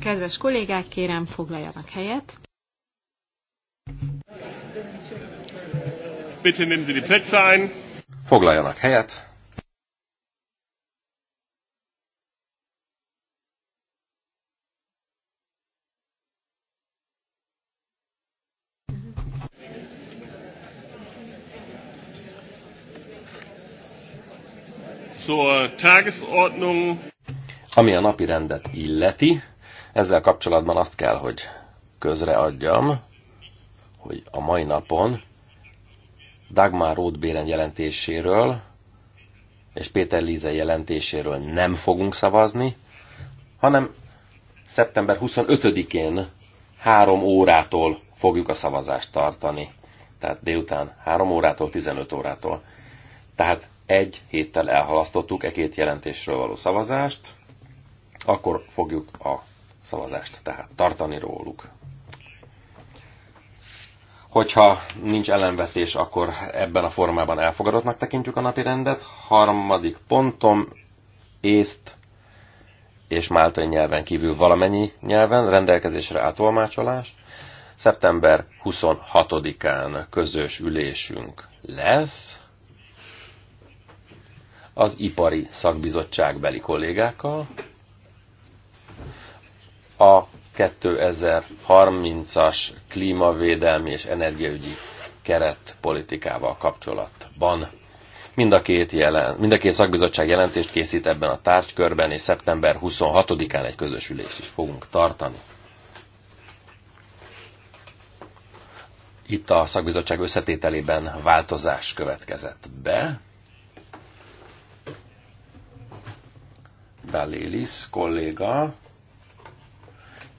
Kedves kollégák, kérem foglaljanak helyet. Bitte nehmen Sie die Plätze ein. Foglaljanak helyet. Tagesordnung. Ami a napi rendet illeti, ezzel kapcsolatban azt kell, hogy közreadjam, hogy a mai napon Dagmar Rothbéren jelentéséről és Péter Líze jelentéséről nem fogunk szavazni, hanem szeptember 25-én három órától fogjuk a szavazást tartani. Tehát délután 3 órától 15 órától. Tehát egy héttel elhalasztottuk e két jelentésről való szavazást, akkor fogjuk a szavazást tehát tartani róluk. Hogyha nincs ellenvetés, akkor ebben a formában elfogadottnak tekintjük a napi rendet. Harmadik pontom, észt és máltai nyelven kívül valamennyi nyelven rendelkezésre átolmácsolás. Szeptember 26-án közös ülésünk lesz, az ipari szakbizottság beli kollégákkal. A 2030-as klímavédelmi és energiaügyi keretpolitikával kapcsolatban. Mind a, két jelen, mind a két szakbizottság jelentést készít ebben a tárgykörben, és szeptember 26-án egy közös ülést is fogunk tartani. Itt a szakbizottság összetételében változás következett be. Dalélis kolléga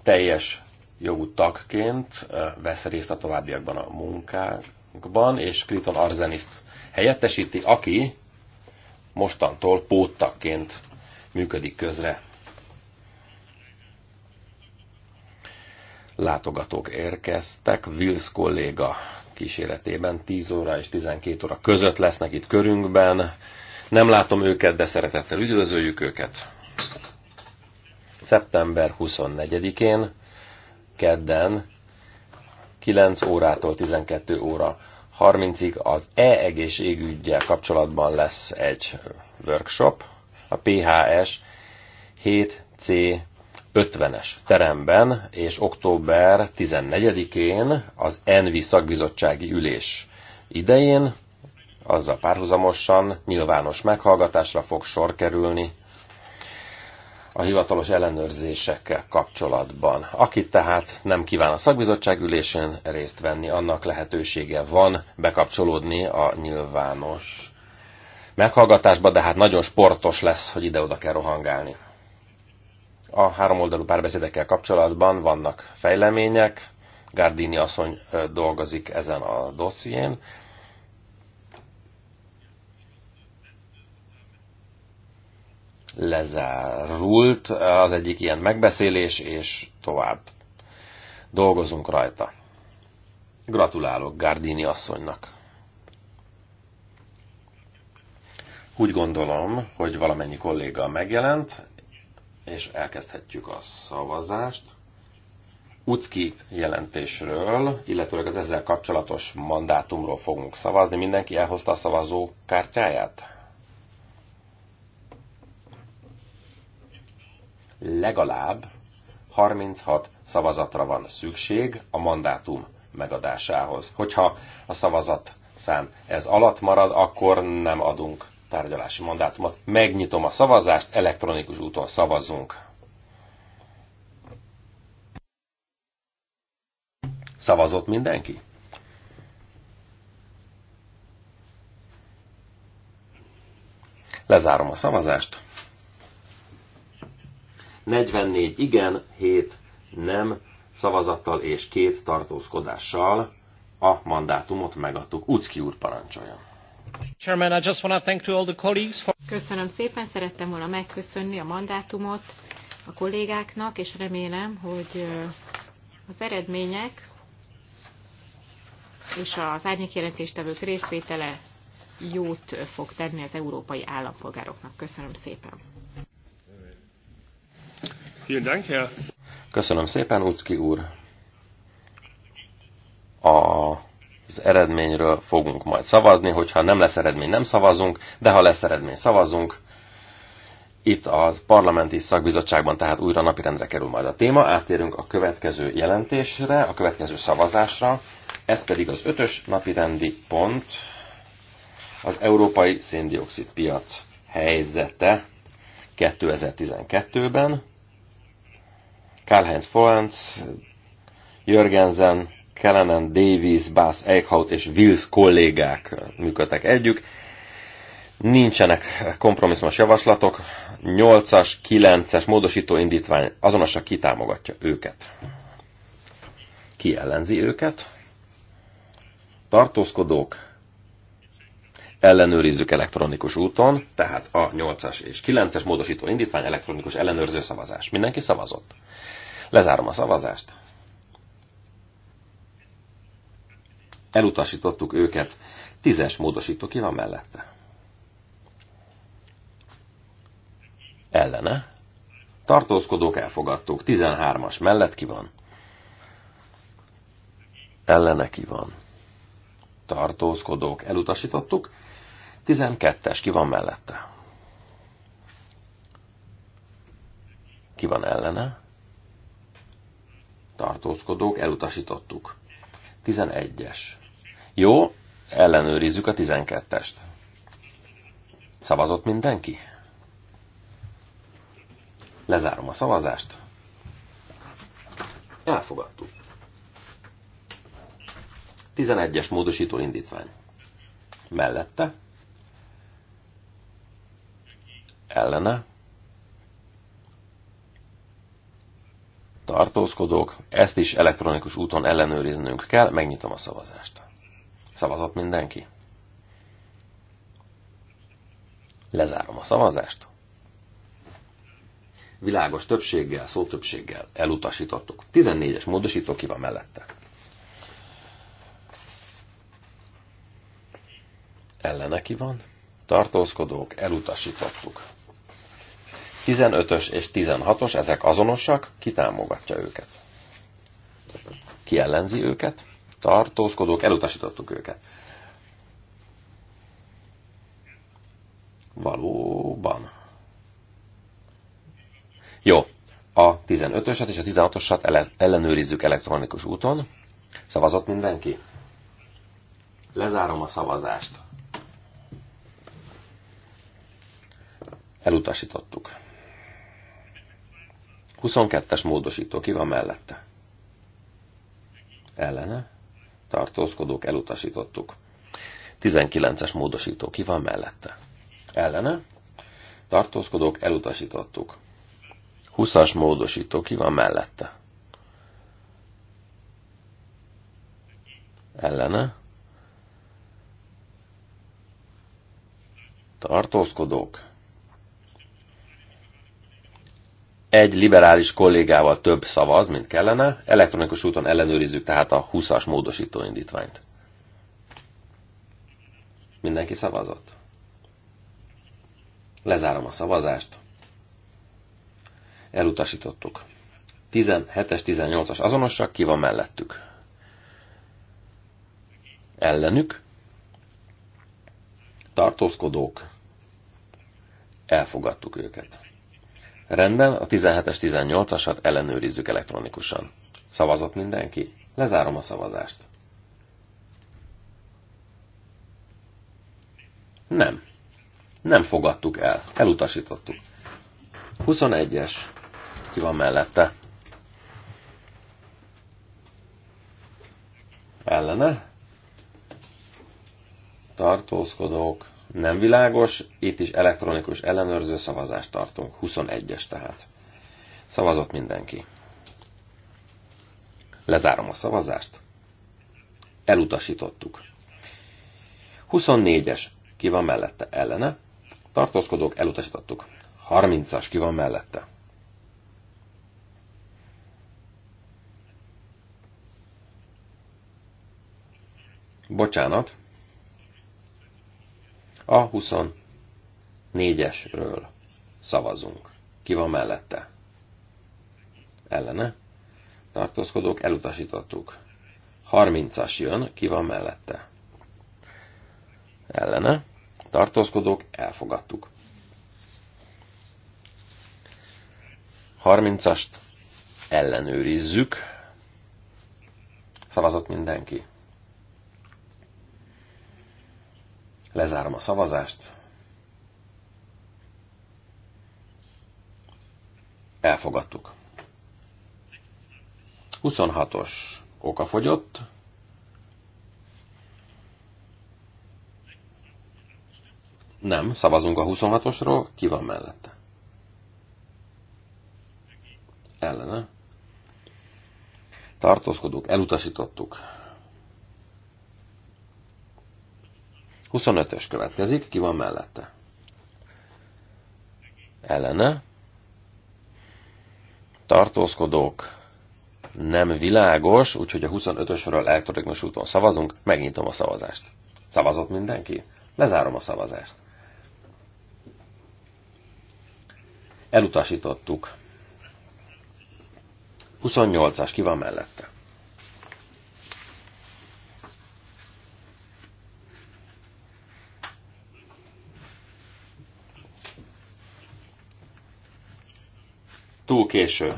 teljes jogú tagként vesz részt a továbbiakban a munkákban, és Kriton Arzeniszt helyettesíti, aki mostantól póttagként működik közre. Látogatók érkeztek, Wills kolléga kíséretében 10 óra és 12 óra között lesznek itt körünkben. Nem látom őket, de szeretettel üdvözöljük őket. Szeptember 24-én, kedden, 9 órától 12 óra 30-ig az e-egészségügyel kapcsolatban lesz egy workshop, a PHS 7C 50-es teremben, és október 14-én az ENVI szakbizottsági ülés idején, azzal párhuzamosan nyilvános meghallgatásra fog sor kerülni a hivatalos ellenőrzésekkel kapcsolatban. Aki tehát nem kíván a szakbizottság ülésén részt venni, annak lehetősége van bekapcsolódni a nyilvános meghallgatásba, de hát nagyon sportos lesz, hogy ide-oda kell rohangálni. A háromoldalú párbeszédekkel kapcsolatban vannak fejlemények, Gardini asszony dolgozik ezen a dosszién, lezárult az egyik ilyen megbeszélés, és tovább dolgozunk rajta. Gratulálok Gardini asszonynak. Úgy gondolom, hogy valamennyi kolléga megjelent, és elkezdhetjük a szavazást. Ucki jelentésről, illetőleg az ezzel kapcsolatos mandátumról fogunk szavazni. Mindenki elhozta a szavazó kártyáját? legalább 36 szavazatra van szükség a mandátum megadásához. Hogyha a szavazat szám ez alatt marad, akkor nem adunk tárgyalási mandátumot. Megnyitom a szavazást, elektronikus úton szavazunk. Szavazott mindenki? Lezárom a szavazást. 44 igen, 7 nem szavazattal és két tartózkodással a mandátumot megadtuk. Ucki úr parancsolja. Chairman, I just want to thank to all the colleagues for... Köszönöm szépen, szerettem volna megköszönni a mandátumot a kollégáknak, és remélem, hogy az eredmények és az árnyékjelentéstevők részvétele jót fog tenni az európai állampolgároknak. Köszönöm szépen! Köszönöm szépen, Ucki úr. A az eredményről fogunk majd szavazni, hogyha nem lesz eredmény, nem szavazunk, de ha lesz eredmény, szavazunk. Itt a parlamenti szakbizottságban tehát újra napirendre kerül majd a téma, átérünk a következő jelentésre, a következő szavazásra, ez pedig az ötös napirendi pont, az európai széndiokszid piac helyzete 2012-ben. Karl-Heinz Franz, Jörgensen, Kellenen, Davis, Bass, Eichhout és Wills kollégák működtek együtt. Nincsenek kompromisszumos javaslatok, 8-as, 9-es módosító indítvány azonosan kitámogatja őket. Ki ellenzi őket? Tartózkodók, ellenőrizzük elektronikus úton, tehát a 8-as és 9-es módosító indítvány elektronikus ellenőrző szavazás. Mindenki szavazott. Lezárom a szavazást. Elutasítottuk őket. Tízes módosító ki van mellette? Ellene. Tartózkodók elfogadtuk. 13-as mellett ki van? Ellene ki van? Tartózkodók elutasítottuk. 12-es ki van mellette? Ki van ellene? tartózkodók, elutasítottuk. 11-es. Jó, ellenőrizzük a 12-est. Szavazott mindenki? Lezárom a szavazást. Elfogadtuk. 11-es módosító indítvány. Mellette. Ellene. tartózkodók, ezt is elektronikus úton ellenőriznünk kell, megnyitom a szavazást. Szavazott mindenki? Lezárom a szavazást. Világos többséggel, szótöbbséggel elutasítottuk. 14-es módosító ki van mellette. Ellene ki van. Tartózkodók, elutasítottuk. 15-ös és 16-os, ezek azonosak, ki támogatja őket? Ki ellenzi őket? Tartózkodók, elutasítottuk őket. Valóban. Jó, a 15-öset és a 16-osat ellenőrizzük elektronikus úton. Szavazott mindenki? Lezárom a szavazást. Elutasítottuk. 22-es módosító, ki van mellette? Ellene. Tartózkodók, elutasítottuk. 19-es módosító, ki van mellette? Ellene. Tartózkodók, elutasítottuk. 20-as módosító, ki van mellette? Ellene. Tartózkodók, egy liberális kollégával több szavaz, mint kellene. Elektronikus úton ellenőrizzük tehát a 20-as módosító indítványt. Mindenki szavazott? Lezárom a szavazást. Elutasítottuk. 17-es, 18-as azonosak, ki van mellettük? Ellenük? Tartózkodók? Elfogadtuk őket. Rendben, a 17-es, 18-asat ellenőrizzük elektronikusan. Szavazott mindenki? Lezárom a szavazást. Nem. Nem fogadtuk el. Elutasítottuk. 21-es. Ki van mellette? Ellene? Tartózkodók nem világos, itt is elektronikus ellenőrző szavazást tartunk, 21-es tehát. Szavazott mindenki. Lezárom a szavazást. Elutasítottuk. 24-es, ki van mellette, ellene. Tartózkodók, elutasítottuk. 30-as, ki van mellette. Bocsánat, a 24-esről szavazunk. Ki van mellette? Ellene. Tartózkodók elutasítottuk. 30-as jön, ki van mellette? Ellene. Tartózkodók elfogadtuk. 30-ast ellenőrizzük. Szavazott mindenki. Lezárom a szavazást. Elfogadtuk. 26-os okafogyott. Nem, szavazunk a 26-osról. Ki van mellette? Ellene. Tartózkodók, elutasítottuk. 25-ös következik, ki van mellette? Ellene. Tartózkodók nem világos, úgyhogy a 25-ösről elektronikus úton szavazunk, megnyitom a szavazást. Szavazott mindenki? Lezárom a szavazást. Elutasítottuk. 28-as ki van mellette? túl késő.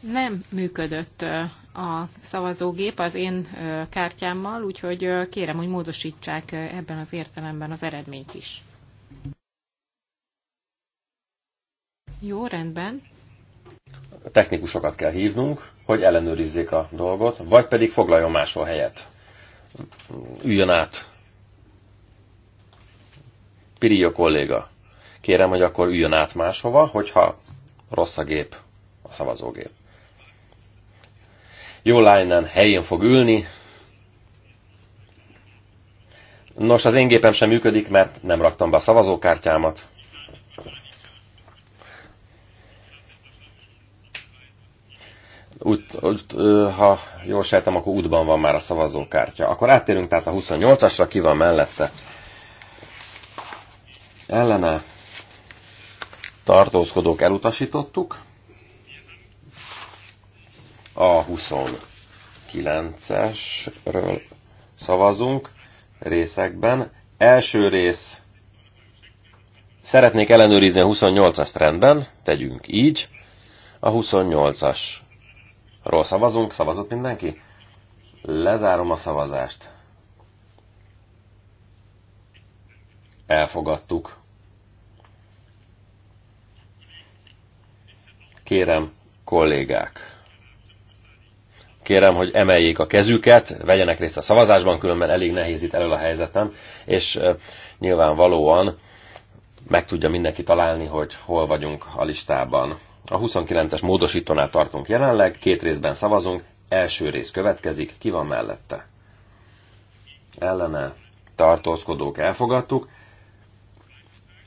Nem működött a szavazógép az én kártyámmal, úgyhogy kérem, hogy módosítsák ebben az értelemben az eredményt is. Jó, rendben. A technikusokat kell hívnunk, hogy ellenőrizzék a dolgot, vagy pedig foglaljon máshol helyet. Üljön át. Pirillo kolléga, kérem, hogy akkor üljön át máshova, hogyha rossz a gép, a szavazógép. Jó lánynán helyén fog ülni. Nos, az én gépem sem működik, mert nem raktam be a szavazókártyámat. út, ut, ha jól sejtem, akkor útban van már a szavazókártya. Akkor áttérünk tehát a 28-asra, ki van mellette. Ellene tartózkodók elutasítottuk. A 29-esről szavazunk részekben. Első rész. Szeretnék ellenőrizni a 28 as rendben, tegyünk így. A 28-as Ról szavazunk, szavazott mindenki? Lezárom a szavazást. Elfogadtuk. Kérem, kollégák, kérem, hogy emeljék a kezüket, vegyenek részt a szavazásban, különben elég nehéz itt elől a helyzetem, és nyilvánvalóan meg tudja mindenki találni, hogy hol vagyunk a listában. A 29-es módosítónál tartunk jelenleg, két részben szavazunk, első rész következik, ki van mellette? Ellene tartózkodók elfogadtuk,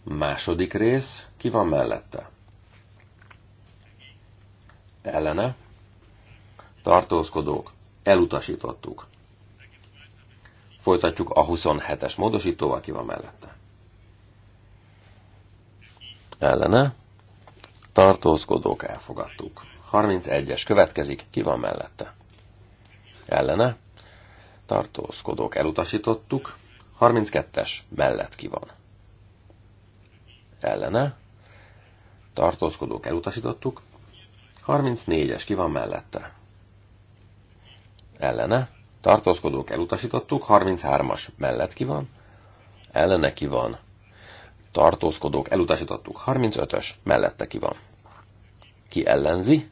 második rész, ki van mellette? Ellene tartózkodók elutasítottuk. Folytatjuk a 27-es módosítóval, ki van mellette. Ellene tartózkodók elfogadtuk. 31-es következik, ki van mellette? Ellene, tartózkodók elutasítottuk, 32-es mellett ki van? Ellene, tartózkodók elutasítottuk, 34-es ki van mellette? Ellene, tartózkodók elutasítottuk, 33-as mellett ki van? Ellene ki van, tartózkodók, elutasítottuk. 35-ös, mellette ki van. Ki ellenzi?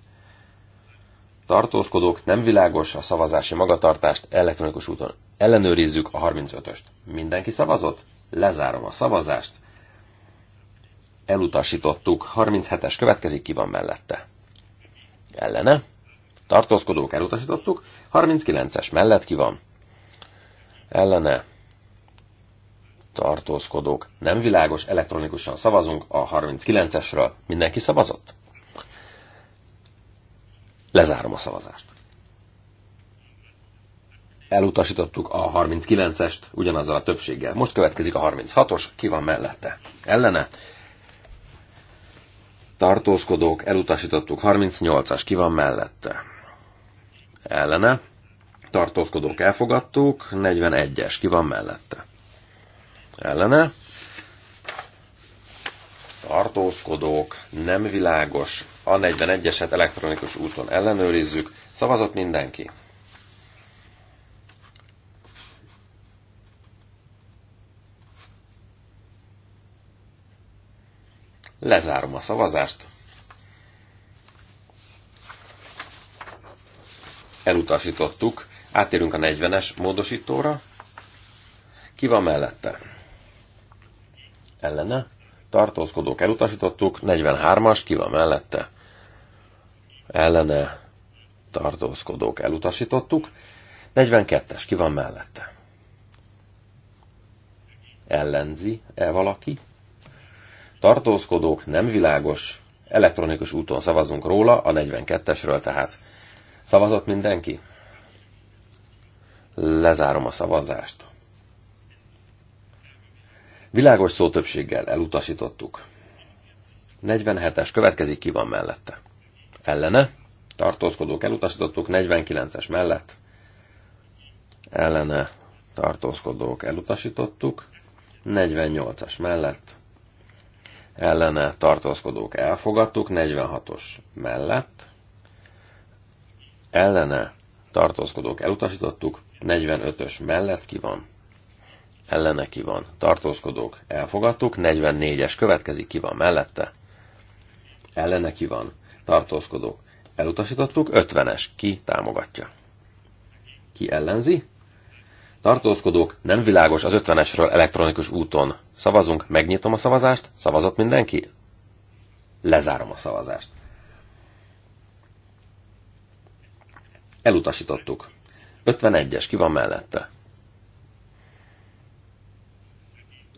Tartózkodók, nem világos a szavazási magatartást, elektronikus úton ellenőrizzük a 35-öst. Mindenki szavazott? Lezárom a szavazást. Elutasítottuk. 37-es következik, ki van mellette? Ellene? Tartózkodók, elutasítottuk. 39-es mellett ki van? Ellene? tartózkodók nem világos, elektronikusan szavazunk a 39-esről. Mindenki szavazott? Lezárom a szavazást. Elutasítottuk a 39-est ugyanazzal a többséggel. Most következik a 36-os, ki van mellette? Ellene? Tartózkodók, elutasítottuk 38-as, ki van mellette? Ellene? Tartózkodók elfogadtuk, 41-es, ki van mellette? ellene. Tartózkodók, nem világos, a 41-eset elektronikus úton ellenőrizzük. Szavazott mindenki? Lezárom a szavazást. Elutasítottuk. Átérünk a 40-es módosítóra. Ki van mellette? ellene, tartózkodók elutasítottuk, 43-as, ki van mellette, ellene, tartózkodók elutasítottuk, 42-es, ki van mellette. Ellenzi-e valaki? Tartózkodók, nem világos, elektronikus úton szavazunk róla, a 42-esről tehát. Szavazott mindenki? Lezárom a szavazást. Világos többséggel elutasítottuk. 47-es következik, ki van mellette. Ellene, tartózkodók elutasítottuk, 49-es mellett. Ellene, tartózkodók elutasítottuk, 48-as mellett. Ellene, tartózkodók elfogadtuk, 46-os mellett. Ellene, tartózkodók elutasítottuk, 45-ös mellett ki van ellene ki van, tartózkodók, elfogadtuk, 44-es következik, ki van mellette, ellene ki van, tartózkodók, elutasítottuk, 50-es, ki támogatja, ki ellenzi, tartózkodók, nem világos az 50-esről elektronikus úton, szavazunk, megnyitom a szavazást, szavazott mindenki, lezárom a szavazást. Elutasítottuk. 51-es, ki van mellette?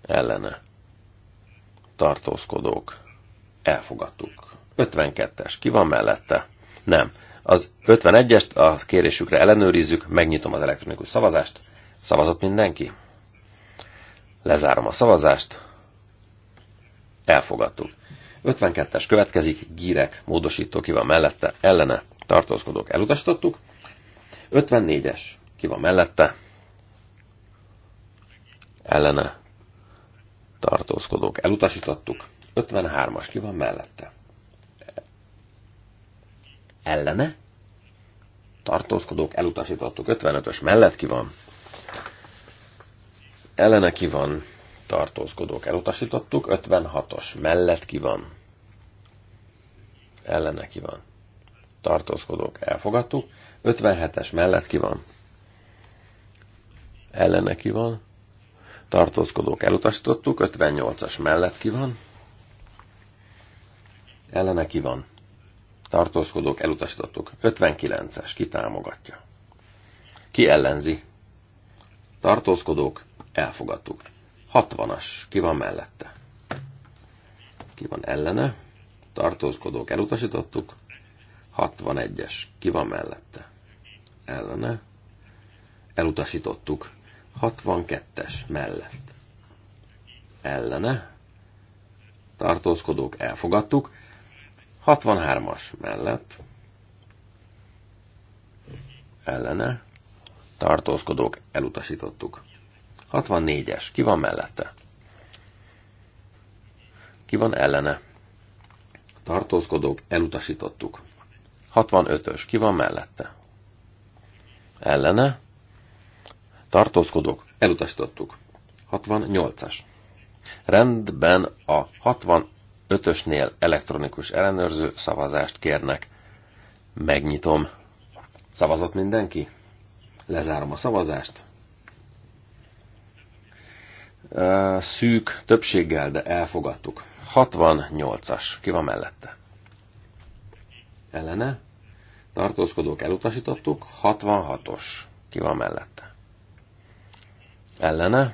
ellene tartózkodók elfogadtuk. 52-es, ki van mellette? Nem. Az 51-est a kérésükre ellenőrizzük, megnyitom az elektronikus szavazást. Szavazott mindenki? Lezárom a szavazást. Elfogadtuk. 52-es következik, gírek, módosító, ki van mellette, ellene, tartózkodók, elutasítottuk. 54-es, ki van mellette, ellene, tartózkodók elutasítottuk. 53-as ki van mellette? Ellene? Tartózkodók elutasítottuk. 55-ös mellett ki van? Ellene ki van? Tartózkodók elutasítottuk. 56-os mellett ki van? Ellene ki van? Tartózkodók elfogadtuk. 57-es mellett ki van? Ellene ki van? tartózkodók elutasítottuk, 58-as mellett ki van, ellene ki van, tartózkodók elutasítottuk, 59-es, ki támogatja, ki ellenzi, tartózkodók elfogadtuk, 60-as, ki van mellette, ki van ellene, tartózkodók elutasítottuk, 61-es, ki van mellette, ellene, elutasítottuk, 62-es mellett ellene, tartózkodók elfogadtuk, 63-as mellett ellene, tartózkodók elutasítottuk. 64-es, ki van mellette? Ki van ellene? Tartózkodók elutasítottuk. 65-ös, ki van mellette? Ellene, tartózkodók, elutasítottuk. 68-as. Rendben a 65-ösnél elektronikus ellenőrző szavazást kérnek. Megnyitom. Szavazott mindenki? Lezárom a szavazást. Szűk többséggel, de elfogadtuk. 68-as. Ki van mellette? Ellene? Tartózkodók elutasítottuk. 66-os. Ki van mellette? ellene.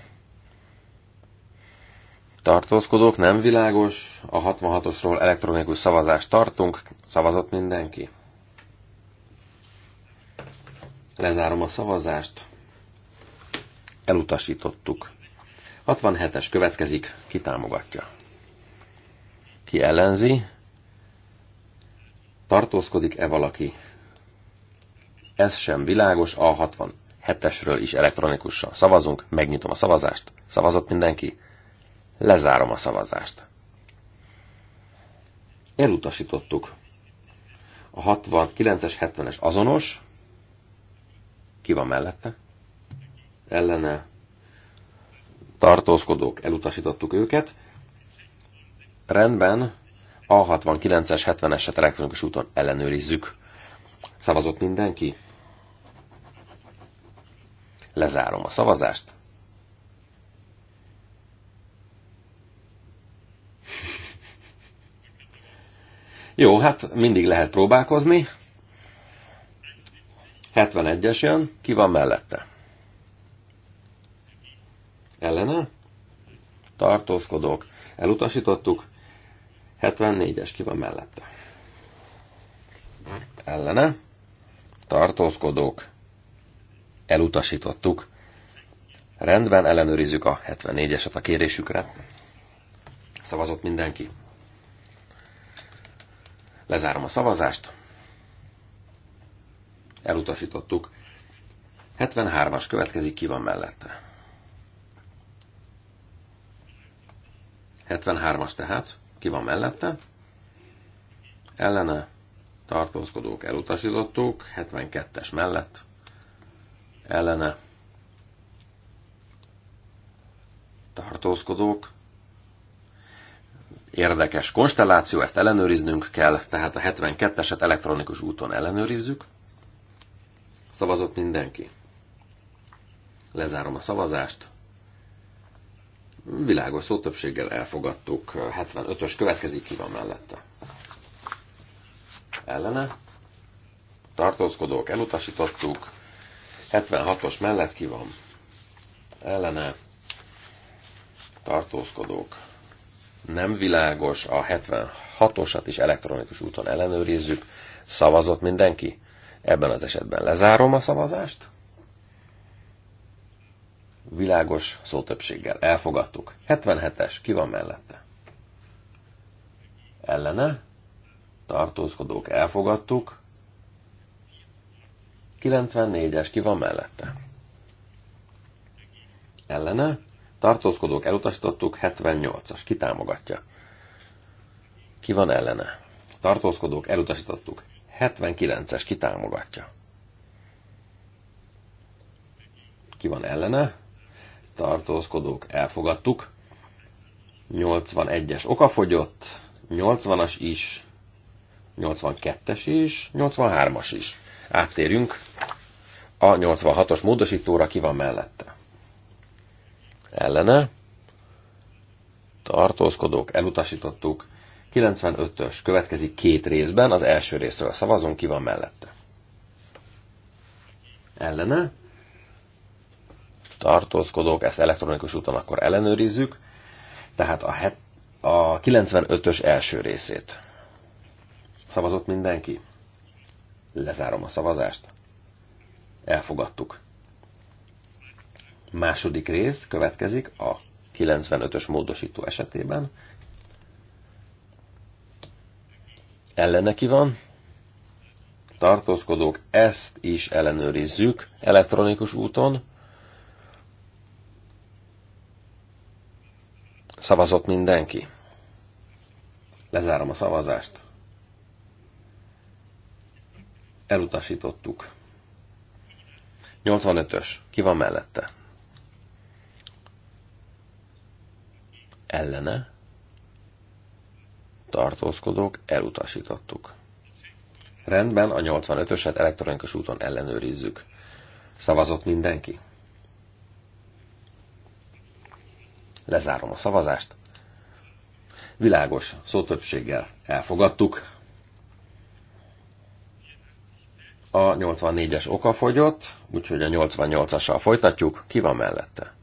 Tartózkodók, nem világos. A 66-osról elektronikus szavazást tartunk. Szavazott mindenki. Lezárom a szavazást. Elutasítottuk. 67-es következik. Ki támogatja? Ki ellenzi? Tartózkodik-e valaki? Ez sem világos. A hetesről is elektronikusan szavazunk, megnyitom a szavazást, szavazott mindenki, lezárom a szavazást. Elutasítottuk. A 69-es, 70-es azonos. Ki van mellette? Ellene tartózkodók, elutasítottuk őket. Rendben, a 69-es, 70-eset elektronikus úton ellenőrizzük. Szavazott mindenki? Lezárom a szavazást. Jó, hát mindig lehet próbálkozni. 71-es jön, ki van mellette? Ellene? Tartózkodók. Elutasítottuk. 74-es ki van mellette? Ellene? Tartózkodók. Elutasítottuk. Rendben, ellenőrizzük a 74-eset a kérésükre. Szavazott mindenki. Lezárom a szavazást. Elutasítottuk. 73-as következik, ki van mellette. 73-as tehát, ki van mellette. Ellene tartózkodók elutasítottuk, 72-es mellett ellene tartózkodók. Érdekes konstelláció, ezt ellenőriznünk kell, tehát a 72-eset elektronikus úton ellenőrizzük. Szavazott mindenki. Lezárom a szavazást. Világos szó többséggel elfogadtuk. 75-ös következik, ki van mellette. Ellene. Tartózkodók elutasítottuk. 76-os mellett ki van? Ellene tartózkodók. Nem világos, a 76-osat is elektronikus úton ellenőrizzük. Szavazott mindenki? Ebben az esetben lezárom a szavazást. Világos szótöbbséggel elfogadtuk. 77-es, ki van mellette? Ellene? Tartózkodók elfogadtuk. 94-es, ki van mellette? Ellene. Tartózkodók elutasítottuk, 78-as, ki támogatja? Ki van ellene? Tartózkodók elutasítottuk, 79-es, ki támogatja? Ki van ellene? Tartózkodók elfogadtuk, 81-es okafogyott, 80-as is, 82-es is, 83-as is. Áttérjünk a 86-os módosítóra ki van mellette. Ellene. Tartózkodók, elutasítottuk. 95-ös következik két részben, az első részről szavazunk, ki van mellette. Ellene. Tartózkodók, ezt elektronikus úton akkor ellenőrizzük. Tehát a, het, a 95-ös első részét. Szavazott mindenki? Lezárom a szavazást. Elfogadtuk. Második rész következik a 95-ös módosító esetében. Ellene ki van. Tartózkodók, ezt is ellenőrizzük elektronikus úton. Szavazott mindenki. Lezárom a szavazást. Elutasítottuk. 85-ös. Ki van mellette? Ellene. Tartózkodók elutasítottuk. Rendben, a 85-öset elektronikus úton ellenőrizzük. Szavazott mindenki? Lezárom a szavazást. Világos, szótöbbséggel elfogadtuk, A 84-es oka fogyott, úgyhogy a 88-assal folytatjuk. Ki van mellette?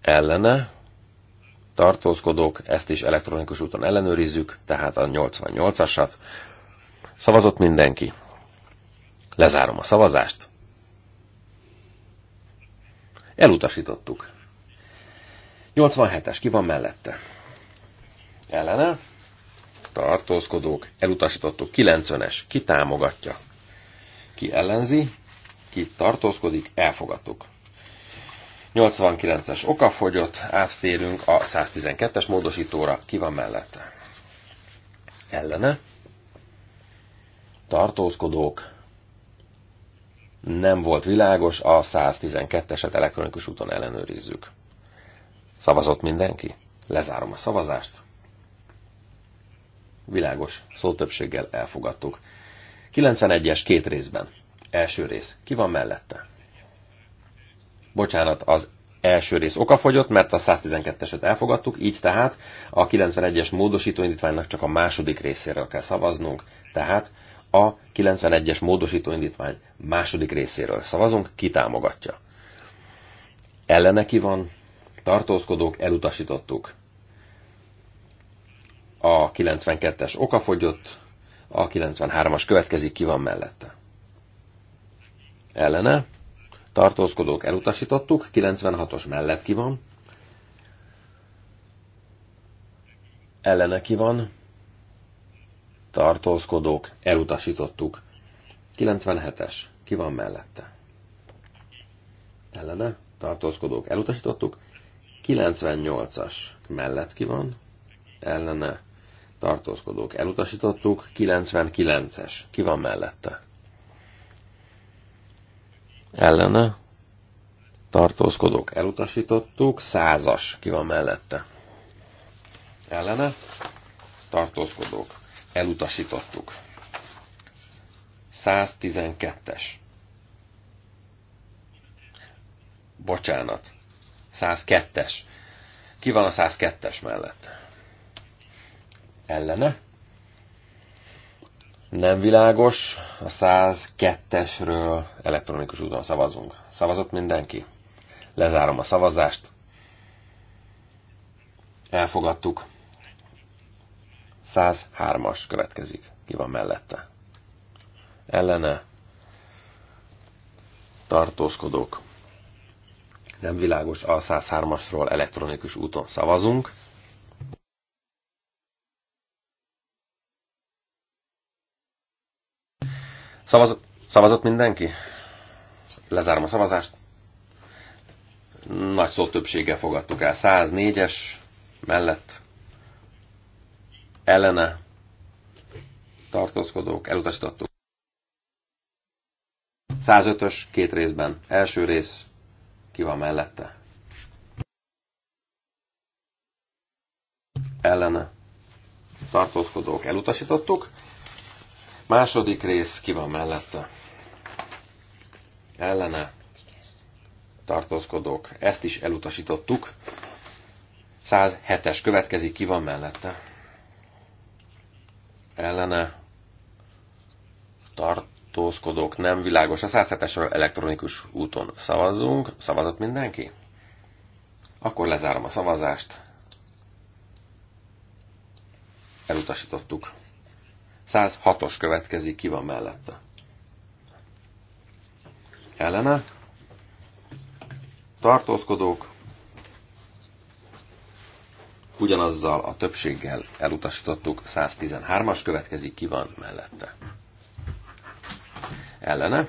Ellene. Tartózkodók, ezt is elektronikus úton ellenőrizzük, tehát a 88-asat. Szavazott mindenki. Lezárom a szavazást. Elutasítottuk. 87-es, ki van mellette? Ellene tartózkodók, elutasítottuk 90-es, ki támogatja, ki ellenzi, ki tartózkodik, elfogadtuk. 89-es okafogyott, áttérünk a 112-es módosítóra, ki van mellette. Ellene, tartózkodók, nem volt világos, a 112-eset elektronikus úton ellenőrizzük. Szavazott mindenki? Lezárom a szavazást. Világos szótöbbséggel elfogadtuk. 91-es két részben. Első rész. Ki van mellette? Bocsánat, az első rész okafogyott, mert a 112-eset elfogadtuk, így tehát a 91-es módosítóindítványnak csak a második részéről kell szavaznunk, tehát a 91-es módosítóindítvány második részéről szavazunk, ki támogatja. Ellene ki van, tartózkodók elutasítottuk a 92-es okafogyott, a 93-as következik, ki van mellette. Ellene, tartózkodók elutasítottuk, 96-os mellett ki van, ellene ki van, tartózkodók elutasítottuk, 97-es, ki van mellette. Ellene, tartózkodók elutasítottuk, 98-as mellett ki van, ellene tartózkodók elutasítottuk, 99-es, ki van mellette? Ellene, tartózkodók elutasítottuk, 100-as, ki van mellette? Ellene, tartózkodók elutasítottuk. 112-es. Bocsánat. 102-es. Ki van a 102-es mellette ellene. Nem világos, a 102-esről elektronikus úton szavazunk. Szavazott mindenki? Lezárom a szavazást. Elfogadtuk. 103-as következik. Ki van mellette? Ellene. Tartózkodok. Nem világos, a 103-asról elektronikus úton szavazunk. Szavaz, szavazott mindenki? Lezárom a szavazást. Nagy szó többséggel fogadtuk el. 104-es mellett ellene tartózkodók elutasítottuk. 105-ös két részben. Első rész ki van mellette? Ellene tartózkodók elutasítottuk. Második rész, ki van mellette? Ellene tartózkodók. Ezt is elutasítottuk. 107-es következik, ki van mellette? Ellene tartózkodók nem világos. A 107-esről elektronikus úton szavazzunk. Szavazott mindenki? Akkor lezárom a szavazást. Elutasítottuk. 106-os következik, ki van mellette. Ellene. Tartózkodók. Ugyanazzal a többséggel elutasítottuk, 113-as következik, ki van mellette. Ellene.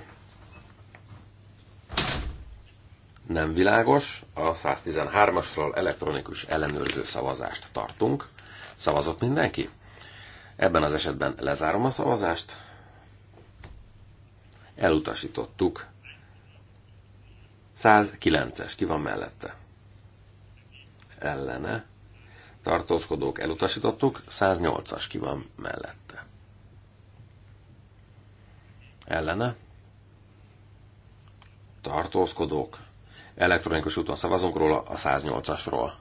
Nem világos, a 113-asról elektronikus ellenőrző szavazást tartunk. Szavazott mindenki? Ebben az esetben lezárom a szavazást. Elutasítottuk. 109-es, ki van mellette? Ellene. Tartózkodók elutasítottuk, 108-as ki van mellette. Ellene. Tartózkodók. Elektronikus úton szavazunk róla a 108-asról.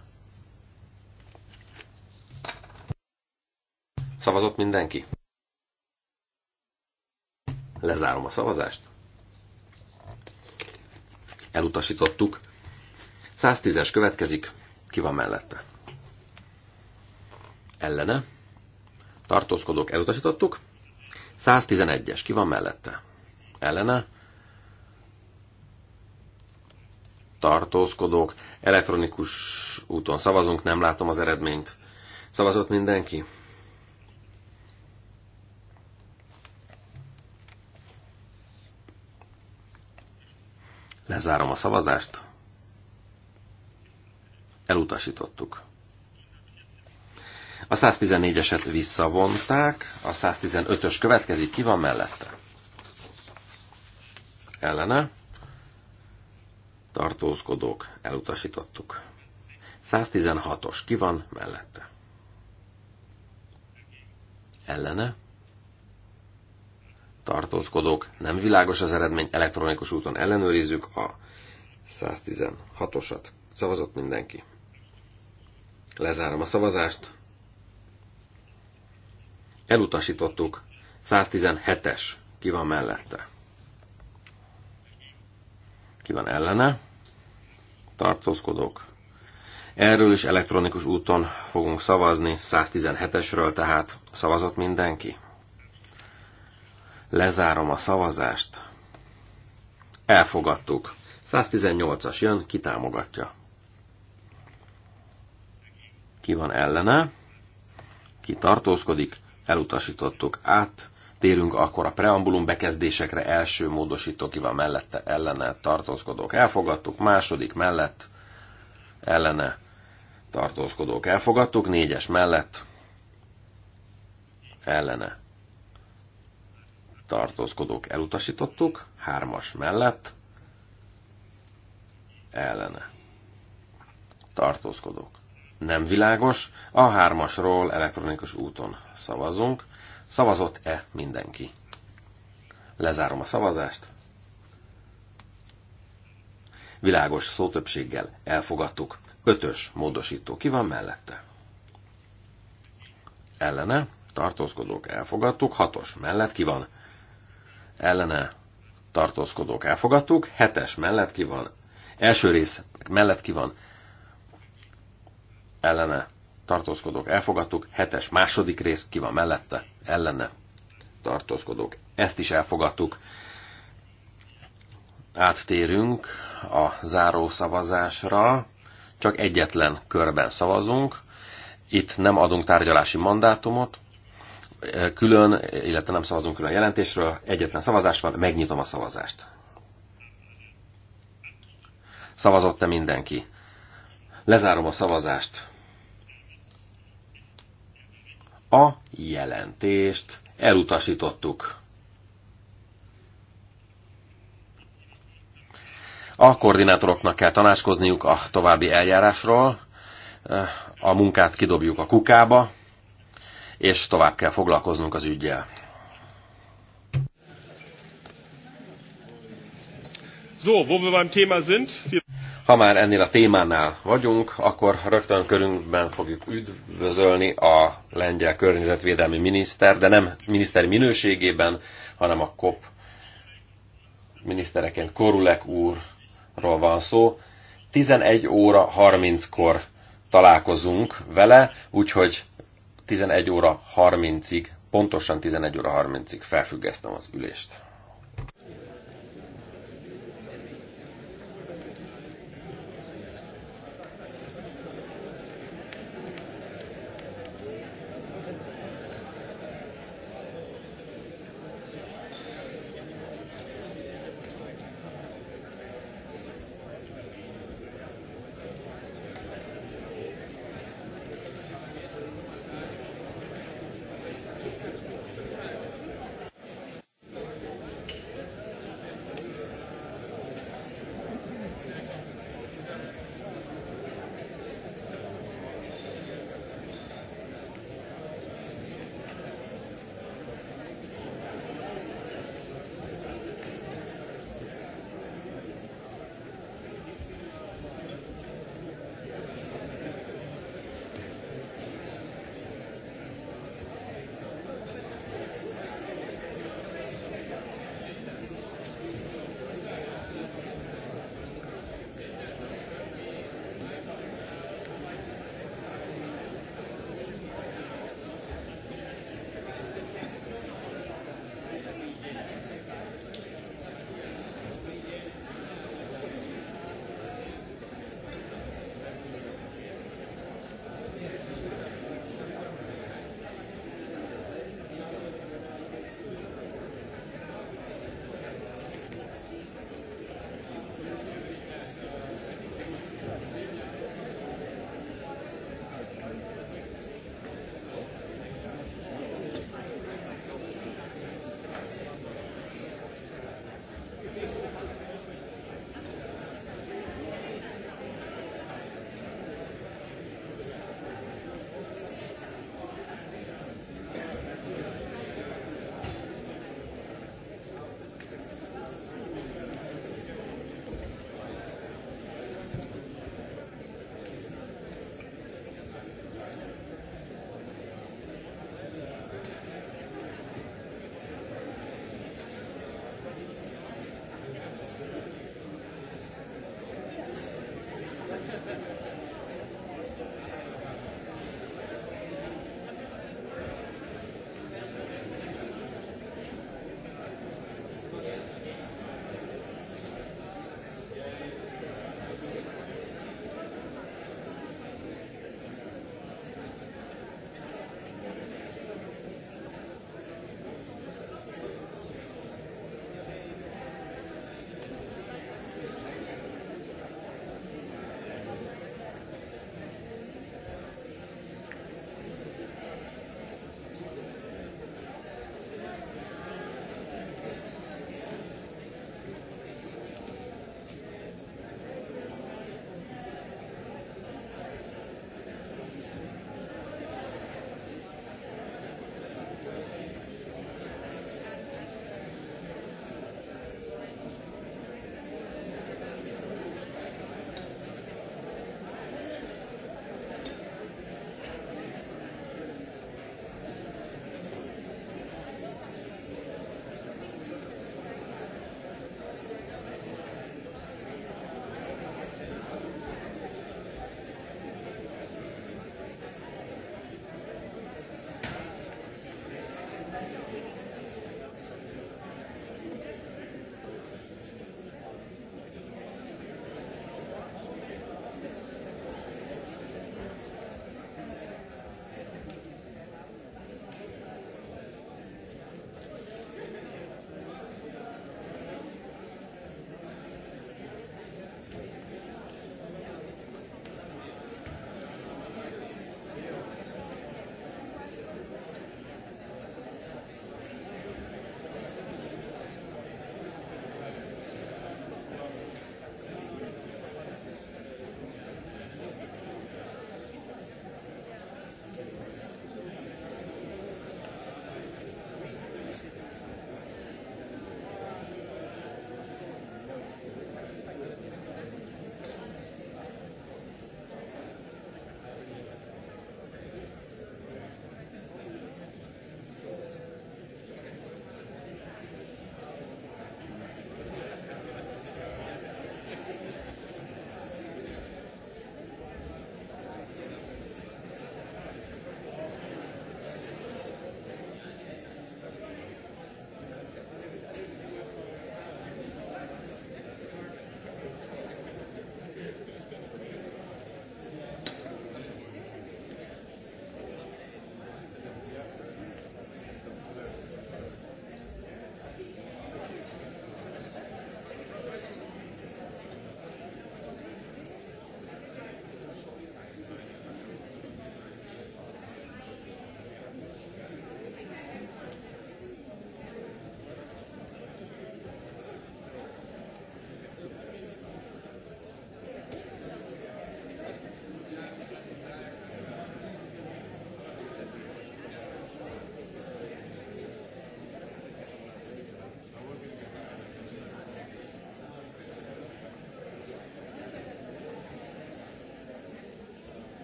Szavazott mindenki? Lezárom a szavazást. Elutasítottuk. 110-es következik. Ki van mellette? Ellene. Tartózkodók elutasítottuk. 111-es. Ki van mellette? Ellene. Tartózkodók. Elektronikus úton szavazunk. Nem látom az eredményt. Szavazott mindenki? Lezárom a szavazást. Elutasítottuk. A 114-eset visszavonták, a 115-ös következik, ki van mellette? Ellene. Tartózkodók, elutasítottuk. 116-os, ki van mellette? Ellene tartózkodók, nem világos az eredmény, elektronikus úton ellenőrizzük a 116-osat. Szavazott mindenki. Lezárom a szavazást. Elutasítottuk. 117-es. Ki van mellette? Ki van ellene? Tartózkodók. Erről is elektronikus úton fogunk szavazni, 117-esről tehát szavazott mindenki. Lezárom a szavazást. Elfogadtuk. 118-as jön, kitámogatja. Ki van ellene? Ki tartózkodik? Elutasítottuk át. Térünk akkor a preambulum bekezdésekre első módosító, ki van mellette, ellene, tartózkodók elfogadtuk, második mellett, ellene, tartózkodók elfogadtuk, négyes mellett, ellene, tartózkodók elutasítottuk, hármas mellett ellene tartózkodók. Nem világos, a hármasról elektronikus úton szavazunk. Szavazott-e mindenki? Lezárom a szavazást. Világos szótöbbséggel elfogadtuk. Ötös módosító ki van mellette? Ellene, tartózkodók elfogadtuk. Hatos mellett ki van? ellene tartózkodók elfogadtuk, hetes mellett ki van, első rész mellett ki van, ellene tartózkodók elfogadtuk, hetes második rész ki van mellette, ellene tartózkodók. Ezt is elfogadtuk. Áttérünk a záró szavazásra, csak egyetlen körben szavazunk. Itt nem adunk tárgyalási mandátumot, külön, illetve nem szavazunk külön jelentésről. Egyetlen szavazás van, megnyitom a szavazást. Szavazott-e mindenki? Lezárom a szavazást. A jelentést elutasítottuk. A koordinátoroknak kell tanácskozniuk a további eljárásról, a munkát kidobjuk a kukába, és tovább kell foglalkoznunk az ügyjel. So, wo wir beim Thema sind. Wir ha már ennél a témánál vagyunk, akkor rögtön körünkben fogjuk üdvözölni a lengyel környezetvédelmi miniszter, de nem miniszteri minőségében, hanem a KOP minisztereként Korulek úrról van szó. 11 óra 30-kor találkozunk vele, úgyhogy 11 óra 30-ig, pontosan 11 óra 30-ig felfüggesztem az ülést.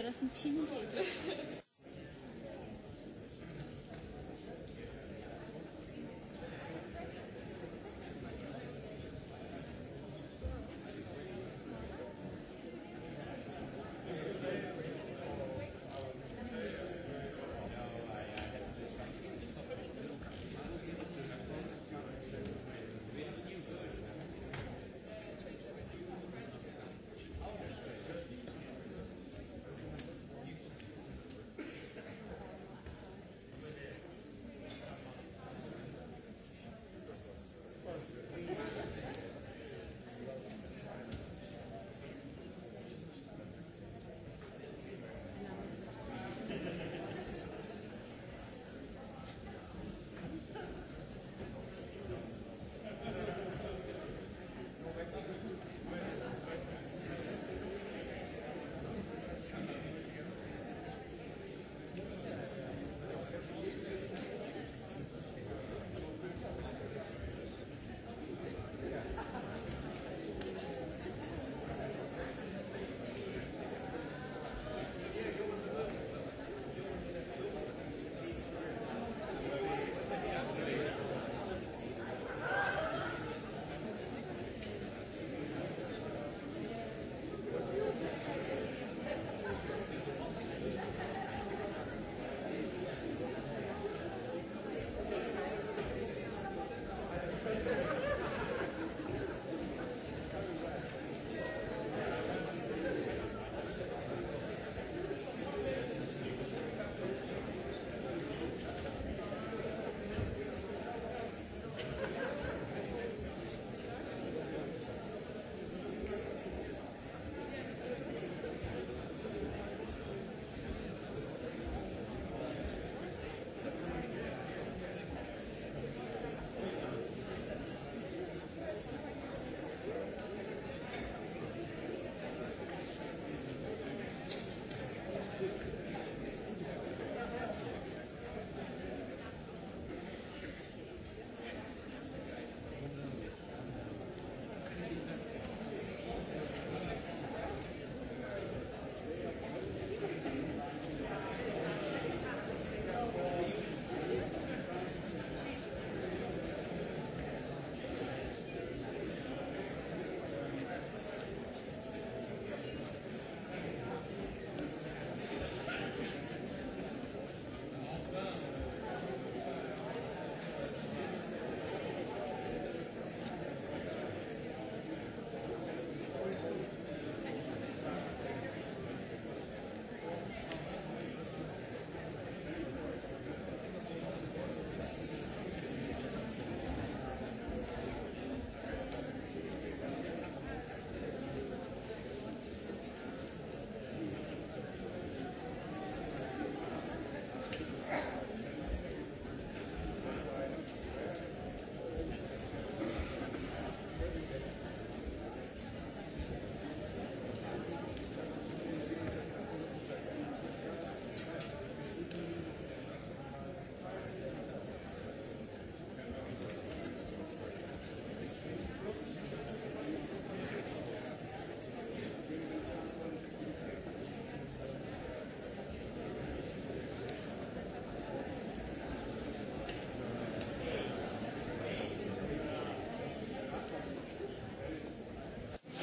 觉得是亲戚。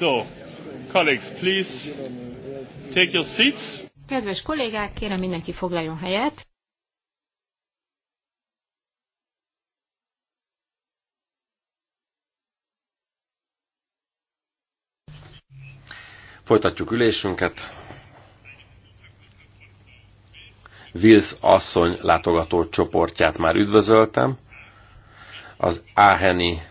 So, colleagues, please take your seats. Kedves kollégák, kérem mindenki foglaljon helyet. Folytatjuk ülésünket. Wills asszony látogató csoportját már üdvözöltem. Az Áheni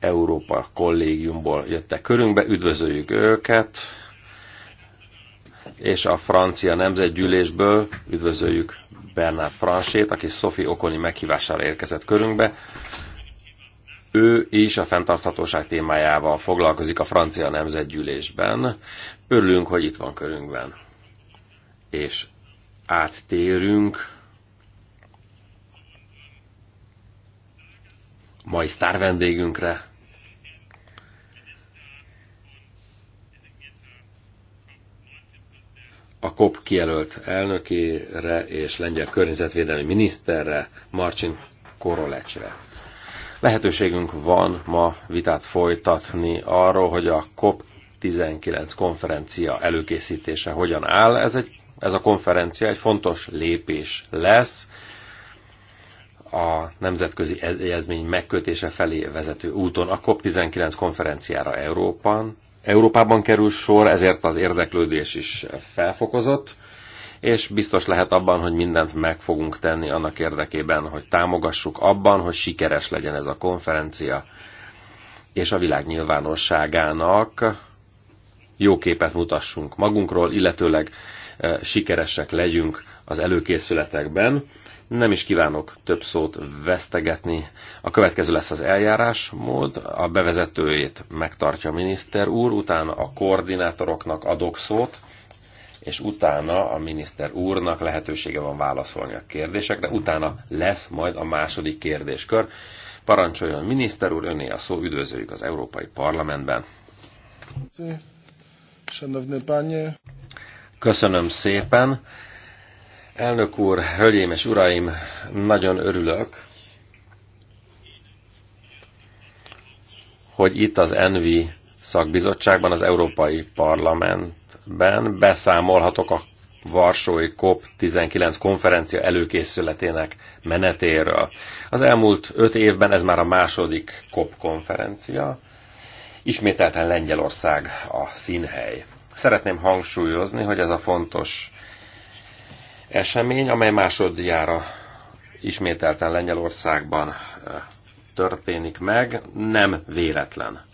Európa kollégiumból jöttek körünkbe, üdvözöljük őket, és a francia nemzetgyűlésből üdvözöljük Bernard Fransét, aki Sophie Okoni meghívására érkezett körünkbe. Ő is a fenntarthatóság témájával foglalkozik a francia nemzetgyűlésben. Örülünk, hogy itt van körünkben. És áttérünk mai sztárvendégünkre, a COP kijelölt elnökére és lengyel környezetvédelmi miniszterre, Marcin Korolecsre. Lehetőségünk van ma vitát folytatni arról, hogy a COP19 konferencia előkészítése hogyan áll. Ez, egy, ez a konferencia egy fontos lépés lesz a nemzetközi e-, egyezmény megkötése felé vezető úton. A COP19 konferenciára Európán, Európában kerül sor, ezért az érdeklődés is felfokozott, és biztos lehet abban, hogy mindent meg fogunk tenni annak érdekében, hogy támogassuk abban, hogy sikeres legyen ez a konferencia, és a világ nyilvánosságának jó képet mutassunk magunkról, illetőleg eh, sikeresek legyünk az előkészületekben, nem is kívánok több szót vesztegetni. A következő lesz az eljárás, mód A bevezetőjét megtartja a miniszter úr, utána a koordinátoroknak adok szót, és utána a miniszter úrnak lehetősége van válaszolni a kérdésekre. Utána lesz majd a második kérdéskör. Parancsoljon miniszter úr, öné a szó, üdvözöljük az Európai Parlamentben. Köszönöm szépen. Elnök úr, hölgyeim és uraim, nagyon örülök, hogy itt az ENVI szakbizottságban, az Európai Parlamentben beszámolhatok a Varsói COP19 konferencia előkészületének menetéről. Az elmúlt öt évben ez már a második COP konferencia, ismételten Lengyelország a színhely. Szeretném hangsúlyozni, hogy ez a fontos esemény, amely másodjára ismételten Lengyelországban eh, történik meg, nem véletlen.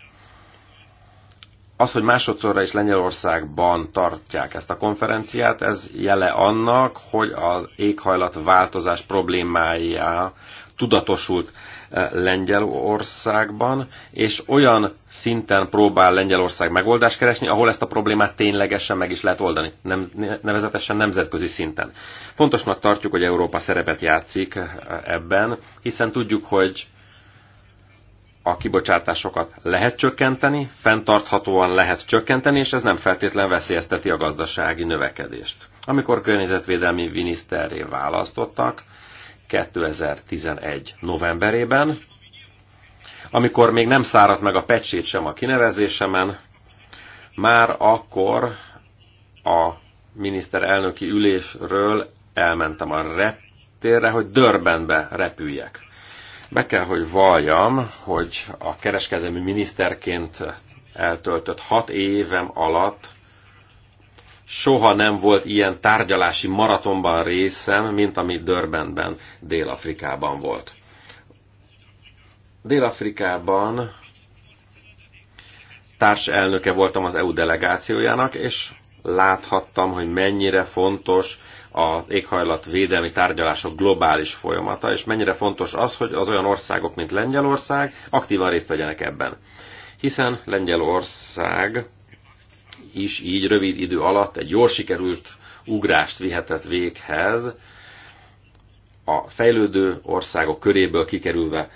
Az, hogy másodszorra is Lengyelországban tartják ezt a konferenciát, ez jele annak, hogy az éghajlat változás problémájá tudatosult Lengyelországban, és olyan szinten próbál Lengyelország megoldást keresni, ahol ezt a problémát ténylegesen meg is lehet oldani, nem, nevezetesen nemzetközi szinten. Fontosnak tartjuk, hogy Európa szerepet játszik ebben, hiszen tudjuk, hogy a kibocsátásokat lehet csökkenteni, fenntarthatóan lehet csökkenteni, és ez nem feltétlen veszélyezteti a gazdasági növekedést. Amikor környezetvédelmi miniszterré választottak, 2011. novemberében, amikor még nem száradt meg a pecsét sem a kinevezésemen, már akkor a miniszterelnöki ülésről elmentem a reptérre, hogy Dörbenbe repüljek. Be kell, hogy valljam, hogy a kereskedelmi miniszterként eltöltött hat évem alatt soha nem volt ilyen tárgyalási maratonban részem, mint ami Dörbenben, Dél-Afrikában volt. Dél-Afrikában társelnöke voltam az EU delegációjának, és láthattam, hogy mennyire fontos az éghajlatvédelmi tárgyalások globális folyamata, és mennyire fontos az, hogy az olyan országok, mint Lengyelország aktívan részt vegyenek ebben. Hiszen Lengyelország is így rövid idő alatt egy jól sikerült ugrást vihetett véghez, a fejlődő országok köréből kikerülve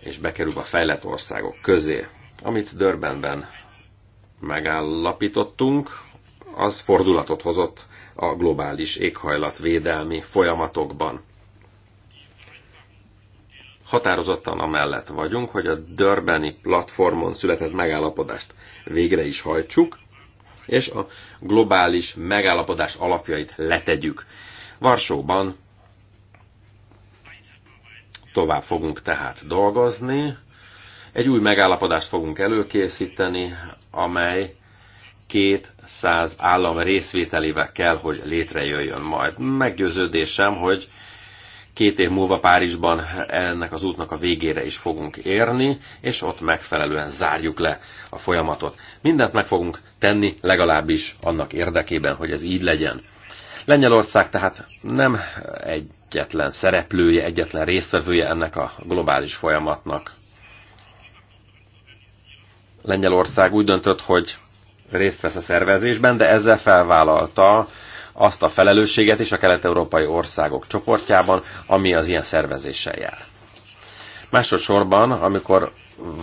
és bekerülve a fejlett országok közé. Amit Dörbenben megállapítottunk, az fordulatot hozott a globális éghajlatvédelmi folyamatokban. Határozottan amellett vagyunk, hogy a Dörbeni platformon született megállapodást végre is hajtsuk, és a globális megállapodás alapjait letegyük. Varsóban tovább fogunk tehát dolgozni. Egy új megállapodást fogunk előkészíteni, amely 200 állam részvételével kell, hogy létrejöjjön majd. Meggyőződésem, hogy Két év múlva Párizsban ennek az útnak a végére is fogunk érni, és ott megfelelően zárjuk le a folyamatot. Mindent meg fogunk tenni, legalábbis annak érdekében, hogy ez így legyen. Lengyelország tehát nem egyetlen szereplője, egyetlen résztvevője ennek a globális folyamatnak. Lengyelország úgy döntött, hogy részt vesz a szervezésben, de ezzel felvállalta azt a felelősséget is a kelet-európai országok csoportjában, ami az ilyen szervezéssel jár. Másodszorban, amikor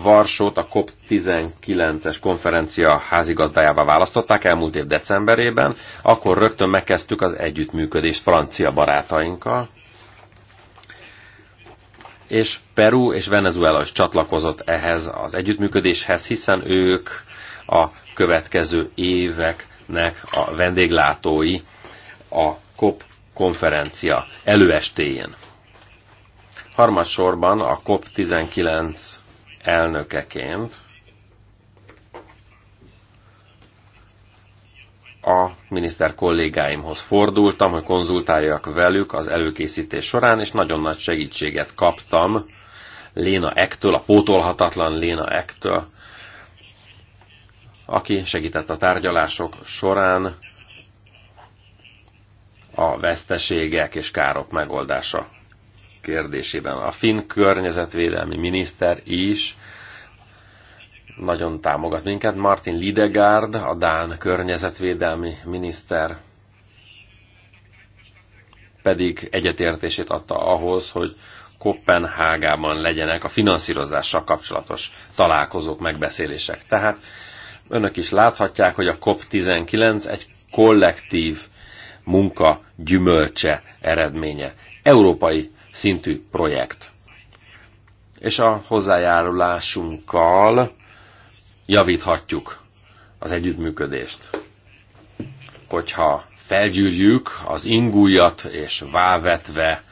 Varsót a COP19-es konferencia házigazdájává választották elmúlt év decemberében, akkor rögtön megkezdtük az együttműködést francia barátainkkal, és Peru és Venezuela is csatlakozott ehhez az együttműködéshez, hiszen ők a következő éveknek a vendéglátói a COP konferencia előestéjén. Harmadsorban a COP19 elnökeként a miniszter kollégáimhoz fordultam, hogy konzultáljak velük az előkészítés során, és nagyon nagy segítséget kaptam Léna Ektől, a pótolhatatlan Léna Ektől, aki segített a tárgyalások során, a veszteségek és károk megoldása kérdésében. A finn környezetvédelmi miniszter is nagyon támogat minket. Martin Lidegard, a Dán környezetvédelmi miniszter pedig egyetértését adta ahhoz, hogy Kopenhágában legyenek a finanszírozással kapcsolatos találkozók, megbeszélések. Tehát önök is láthatják, hogy a COP19 egy kollektív munka gyümölcse, eredménye. Európai szintű projekt. És a hozzájárulásunkkal javíthatjuk az együttműködést. Hogyha felgyűrjük az ingújat és vávetve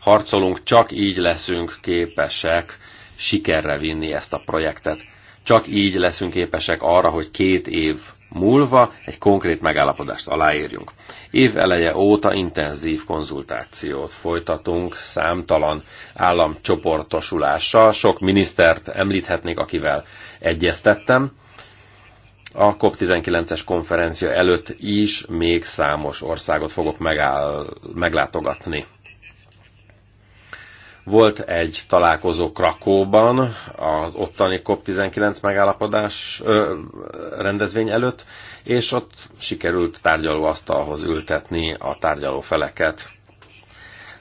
harcolunk, csak így leszünk képesek sikerre vinni ezt a projektet. Csak így leszünk képesek arra, hogy két év múlva egy konkrét megállapodást aláírjunk. Év eleje óta intenzív konzultációt folytatunk számtalan államcsoportosulással, sok minisztert említhetnék, akivel egyeztettem. A COP19-es konferencia előtt is még számos országot fogok megáll, meglátogatni. Volt egy találkozó Krakóban, az ottani COP19 megállapodás ö, rendezvény előtt, és ott sikerült tárgyalóasztalhoz ültetni a tárgyalófeleket.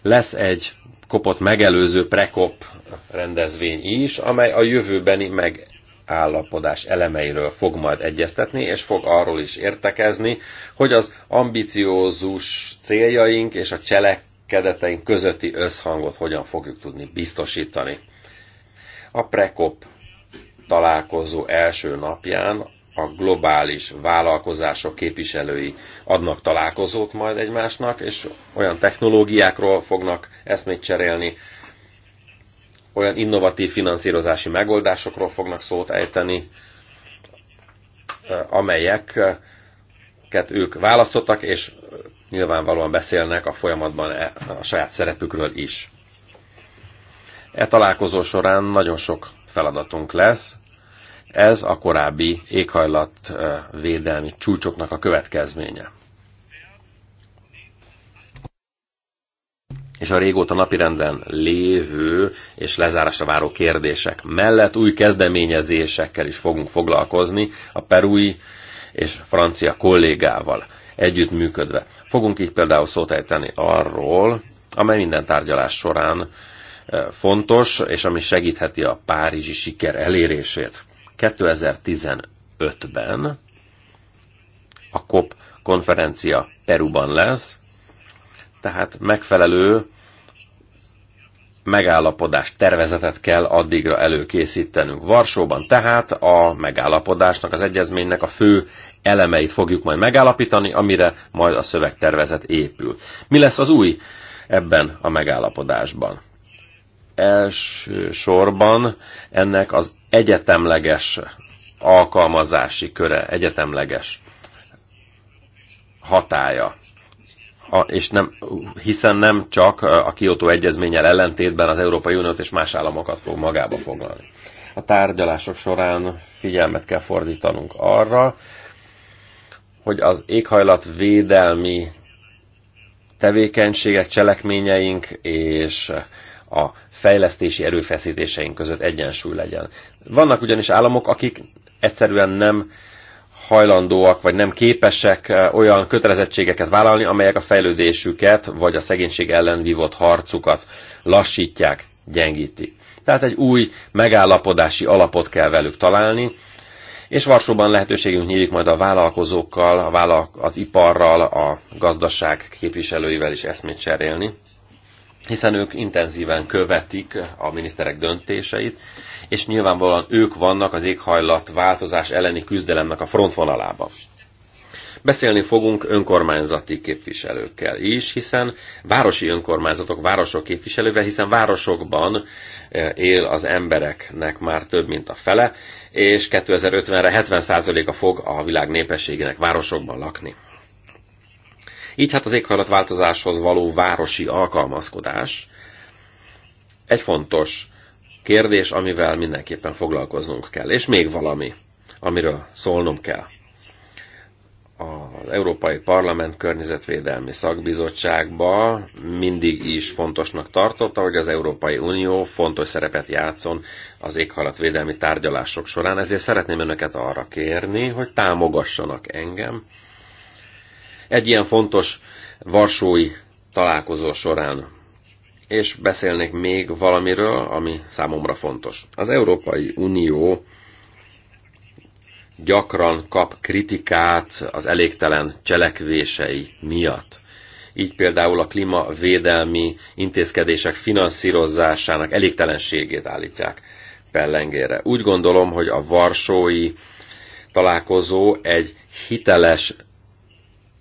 Lesz egy kopot megelőző prekop rendezvény is, amely a jövőbeni megállapodás elemeiről fog majd egyeztetni, és fog arról is értekezni, hogy az ambiciózus céljaink és a cselek kereteink közötti összhangot hogyan fogjuk tudni biztosítani. A Prekop találkozó első napján a globális vállalkozások képviselői adnak találkozót majd egymásnak, és olyan technológiákról fognak eszmét cserélni, olyan innovatív finanszírozási megoldásokról fognak szót ejteni, eh, amelyek eh, akiket ők választottak, és nyilvánvalóan beszélnek a folyamatban e, a saját szerepükről is. E találkozó során nagyon sok feladatunk lesz. Ez a korábbi éghajlatvédelmi csúcsoknak a következménye. és a régóta napirenden lévő és lezárásra váró kérdések mellett új kezdeményezésekkel is fogunk foglalkozni. A perui és francia kollégával együttműködve. Fogunk így például szót ejteni arról, amely minden tárgyalás során e, fontos, és ami segítheti a párizsi siker elérését. 2015-ben a COP konferencia Peruban lesz, tehát megfelelő megállapodás tervezetet kell addigra előkészítenünk. Varsóban tehát a megállapodásnak, az egyezménynek a fő elemeit fogjuk majd megállapítani, amire majd a szövegtervezet épül. Mi lesz az új ebben a megállapodásban? Elsősorban ennek az egyetemleges alkalmazási köre, egyetemleges hatája. A, és nem, hiszen nem csak a Kyoto egyezménnyel ellentétben az Európai Uniót és más államokat fog magába foglalni. A tárgyalások során figyelmet kell fordítanunk arra, hogy az éghajlat védelmi tevékenységek, cselekményeink és a fejlesztési erőfeszítéseink között egyensúly legyen. Vannak ugyanis államok, akik egyszerűen nem hajlandóak, vagy nem képesek eh, olyan kötelezettségeket vállalni, amelyek a fejlődésüket, vagy a szegénység ellen vívott harcukat lassítják, gyengítik. Tehát egy új megállapodási alapot kell velük találni, és Varsóban lehetőségünk nyílik majd a vállalkozókkal, a vállal, az iparral, a gazdaság képviselőivel is eszmét cserélni hiszen ők intenzíven követik a miniszterek döntéseit, és nyilvánvalóan ők vannak az éghajlat változás elleni küzdelemnek a frontvonalában. Beszélni fogunk önkormányzati képviselőkkel is, hiszen városi önkormányzatok, városok képviselővel, hiszen városokban eh, él az embereknek már több, mint a fele, és 2050-re 70%-a fog a világ népességének városokban lakni. Így hát az éghajlatváltozáshoz való városi alkalmazkodás egy fontos kérdés, amivel mindenképpen foglalkoznunk kell. És még valami, amiről szólnom kell. A az Európai Parlament környezetvédelmi szakbizottságba mindig is fontosnak tartotta, hogy az Európai Unió fontos szerepet játszon az éghajlatvédelmi tárgyalások során, ezért szeretném önöket arra kérni, hogy támogassanak engem. Egy ilyen fontos varsói találkozó során és beszélnék még valamiről, ami számomra fontos. Az Európai Unió gyakran kap kritikát az elégtelen cselekvései miatt. Így például a klímavédelmi intézkedések finanszírozásának elégtelenségét állítják pellengére. Úgy gondolom, hogy a varsói találkozó egy hiteles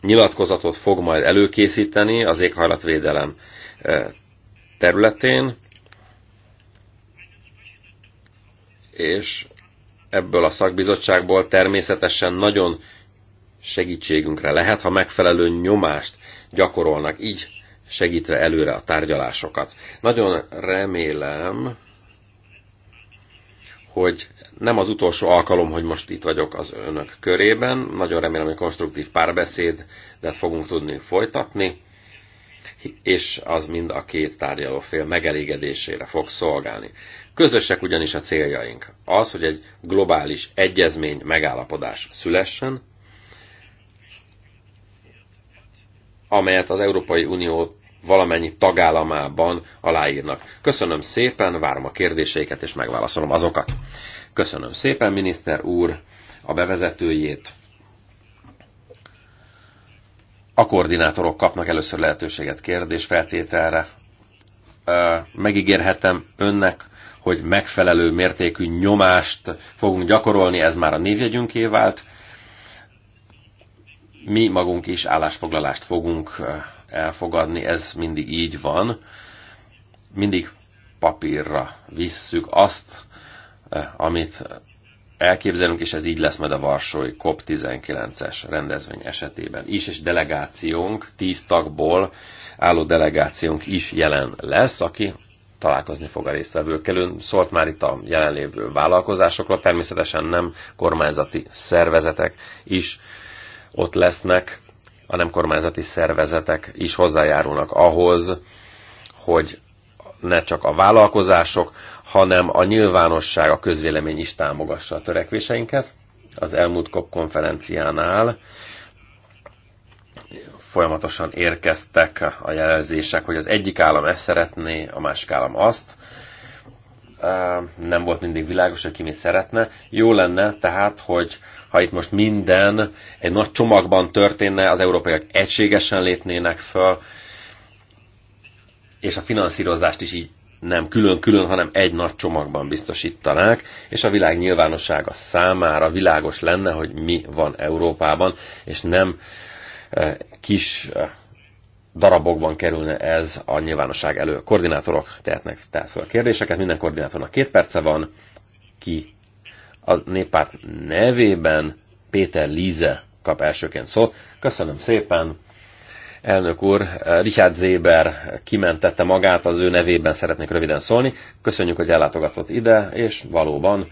nyilatkozatot fog majd előkészíteni az éghajlatvédelem területén, és ebből a szakbizottságból természetesen nagyon segítségünkre lehet, ha megfelelő nyomást gyakorolnak, így segítve előre a tárgyalásokat. Nagyon remélem, hogy nem az utolsó alkalom, hogy most itt vagyok az önök körében. Nagyon remélem, hogy konstruktív párbeszédet fogunk tudni folytatni, és az mind a két tárgyalófél megelégedésére fog szolgálni. Közösek ugyanis a céljaink. Az, hogy egy globális egyezmény megállapodás szülessen, amelyet az Európai Unió valamennyi tagállamában aláírnak. Köszönöm szépen, várom a kérdéseiket, és megválaszolom azokat. Köszönöm szépen, miniszter úr, a bevezetőjét. A koordinátorok kapnak először lehetőséget kérdésfeltételre. Megígérhetem önnek, hogy megfelelő mértékű nyomást fogunk gyakorolni, ez már a névjegyünké vált. Mi magunk is állásfoglalást fogunk elfogadni, ez mindig így van. Mindig papírra visszük azt, amit elképzelünk, és ez így lesz majd a Varsói COP19-es rendezvény esetében is, és delegációnk, tíz tagból álló delegációnk is jelen lesz, aki találkozni fog a résztvevőkkel. szólt már itt a jelenlévő vállalkozásokról, természetesen nem kormányzati szervezetek is ott lesznek, a nem kormányzati szervezetek is hozzájárulnak ahhoz, hogy ne csak a vállalkozások, hanem a nyilvánosság, a közvélemény is támogassa a törekvéseinket. Az elmúlt COP konferenciánál Folyamatosan érkeztek a jelzések, hogy az egyik állam ezt szeretné, a másik állam azt. Nem volt mindig világos, hogy ki mit szeretne. Jó lenne tehát, hogy ha itt most minden egy nagy csomagban történne, az európaiak egységesen lépnének föl, és a finanszírozást is így nem külön-külön, hanem egy nagy csomagban biztosítanák, és a világ nyilvánossága számára világos lenne, hogy mi van Európában, és nem kis eh, darabokban kerülne ez a nyilvánosság elő. Koordinátorok tehetnek tehát föl kérdéseket, minden koordinátornak két perce van, ki a néppárt nevében Péter Líze kap elsőként szót. Köszönöm szépen! Elnök úr, Richard Zéber kimentette magát, az ő nevében szeretnék röviden szólni. Köszönjük, hogy ellátogatott ide, és valóban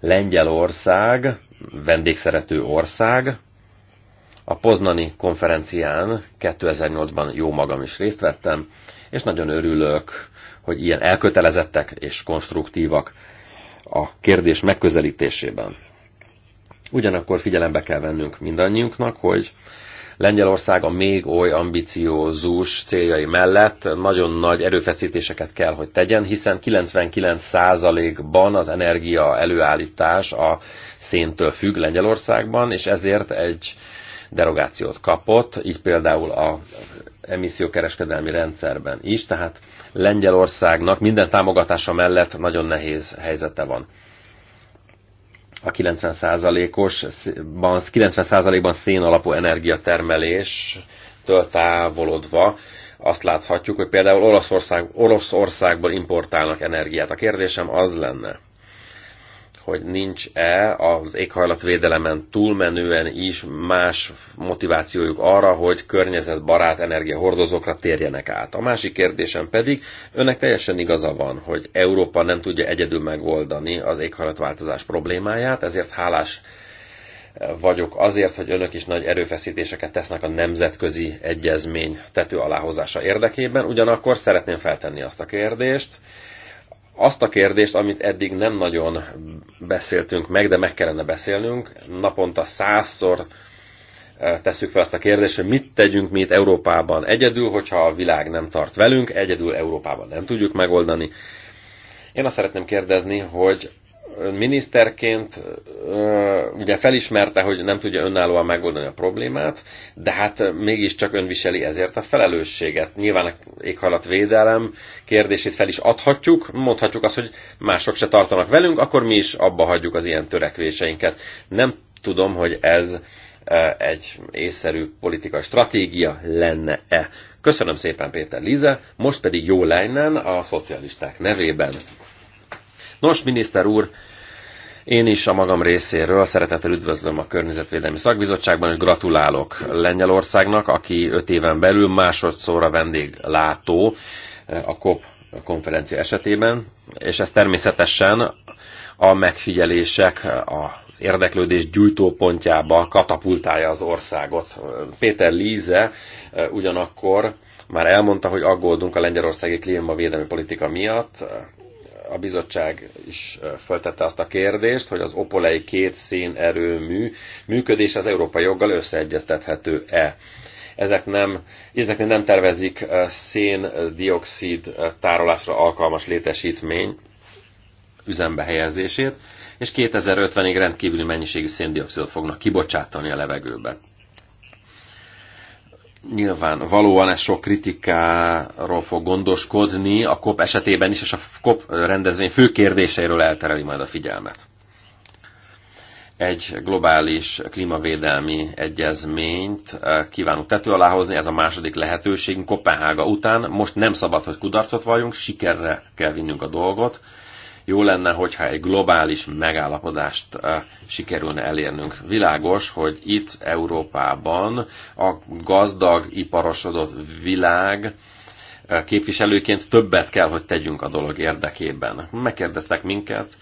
Lengyelország, vendégszerető ország, a Poznani konferencián 2008-ban jó magam is részt vettem, és nagyon örülök, hogy ilyen elkötelezettek és konstruktívak a kérdés megközelítésében. Ugyanakkor figyelembe kell vennünk mindannyiunknak, hogy Lengyelország a még oly ambiciózus céljai mellett nagyon nagy erőfeszítéseket kell, hogy tegyen, hiszen 99%-ban az energia előállítás a széntől függ Lengyelországban, és ezért egy derogációt kapott, így például a emissziókereskedelmi rendszerben is, tehát Lengyelországnak minden támogatása mellett nagyon nehéz helyzete van. A 90%-os, 90%-ban szén alapú energiatermeléstől távolodva azt láthatjuk, hogy például Oroszország, Oroszországból importálnak energiát. A kérdésem az lenne, hogy nincs-e az éghajlatvédelemen túlmenően is más motivációjuk arra, hogy környezetbarát energiahordozókra térjenek át. A másik kérdésem pedig, önnek teljesen igaza van, hogy Európa nem tudja egyedül megoldani az éghajlatváltozás problémáját, ezért hálás vagyok azért, hogy önök is nagy erőfeszítéseket tesznek a nemzetközi egyezmény tető aláhozása érdekében. Ugyanakkor szeretném feltenni azt a kérdést, azt a kérdést, amit eddig nem nagyon beszéltünk meg, de meg kellene beszélnünk, naponta százszor e, tesszük fel azt a kérdést, hogy mit tegyünk mi itt Európában egyedül, hogyha a világ nem tart velünk, egyedül Európában nem tudjuk megoldani. Én azt szeretném kérdezni, hogy miniszterként ugye felismerte, hogy nem tudja önállóan megoldani a problémát, de hát mégiscsak ön viseli ezért a felelősséget. Nyilván a éghajlatvédelem kérdését fel is adhatjuk, mondhatjuk azt, hogy mások se tartanak velünk, akkor mi is abba hagyjuk az ilyen törekvéseinket. Nem tudom, hogy ez egy észszerű politikai stratégia lenne-e. Köszönöm szépen Péter Lize, most pedig jó lejnen a szocialisták nevében. Nos, miniszter úr, én is a magam részéről szeretettel üdvözlöm a Környezetvédelmi Szakbizottságban, és gratulálok Lengyelországnak, aki öt éven belül másodszorra vendéglátó eh, a COP konferencia esetében, és ez természetesen a megfigyelések, a érdeklődés gyújtópontjába katapultálja az országot. Péter Líze eh, ugyanakkor már elmondta, hogy aggódunk a lengyelországi klímavédelmi politika miatt, a bizottság is föltette azt a kérdést, hogy az opolei két szén erőmű működés az európai joggal összeegyeztethető-e. Ezek nem, ezeknél nem tervezik széndiokszid tárolásra alkalmas létesítmény üzembe helyezését, és 2050-ig rendkívüli mennyiségű széndiokszidot fognak kibocsátani a levegőbe. Nyilván valóan ez sok kritikáról fog gondoskodni, a COP esetében is, és a COP rendezvény fő kérdéseiről eltereli majd a figyelmet. Egy globális klímavédelmi egyezményt eh, kívánunk tető alá hozni, ez a második lehetőségünk Kopenhága után. Most nem szabad, hogy kudarcot valljunk, sikerre kell vinnünk a dolgot jó lenne, hogyha egy globális megállapodást eh, sikerülne elérnünk. Világos, hogy itt Európában a gazdag, iparosodott világ eh, képviselőként többet kell, hogy tegyünk a dolog érdekében. Megkérdeztek minket,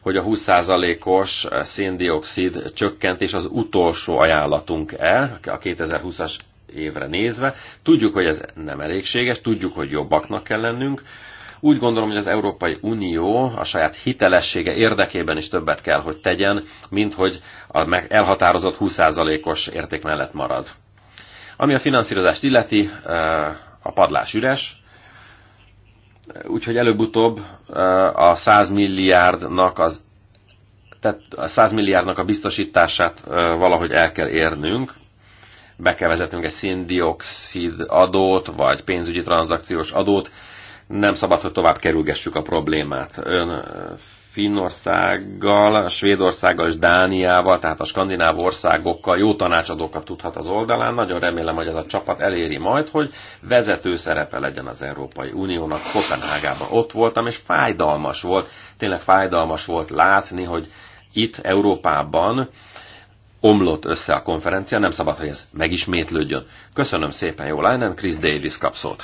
hogy a 20%-os eh, széndiokszid csökkentés az utolsó ajánlatunk-e a 2020-as évre nézve. Tudjuk, hogy ez nem elégséges, tudjuk, hogy jobbaknak kell lennünk, úgy gondolom, hogy az Európai Unió a saját hitelessége érdekében is többet kell, hogy tegyen, mint hogy a elhatározott 20%-os érték mellett marad. Ami a finanszírozást illeti, a padlás üres, úgyhogy előbb-utóbb a 100 milliárdnak az tehát a 100 milliárdnak a biztosítását valahogy el kell érnünk, be kell vezetnünk egy széndiokszid adót, vagy pénzügyi tranzakciós adót, nem szabad, hogy tovább kerülgessük a problémát. Ön Finnországgal, Svédországgal és Dániával, tehát a skandináv országokkal jó tanácsadókat tudhat az oldalán. Nagyon remélem, hogy ez a csapat eléri majd, hogy vezető szerepe legyen az Európai Uniónak. Kopenhágában ott voltam, és fájdalmas volt, tényleg fájdalmas volt látni, hogy itt Európában omlott össze a konferencia, nem szabad, hogy ez megismétlődjön. Köszönöm szépen, jó lájnem, Chris Davis kapszót.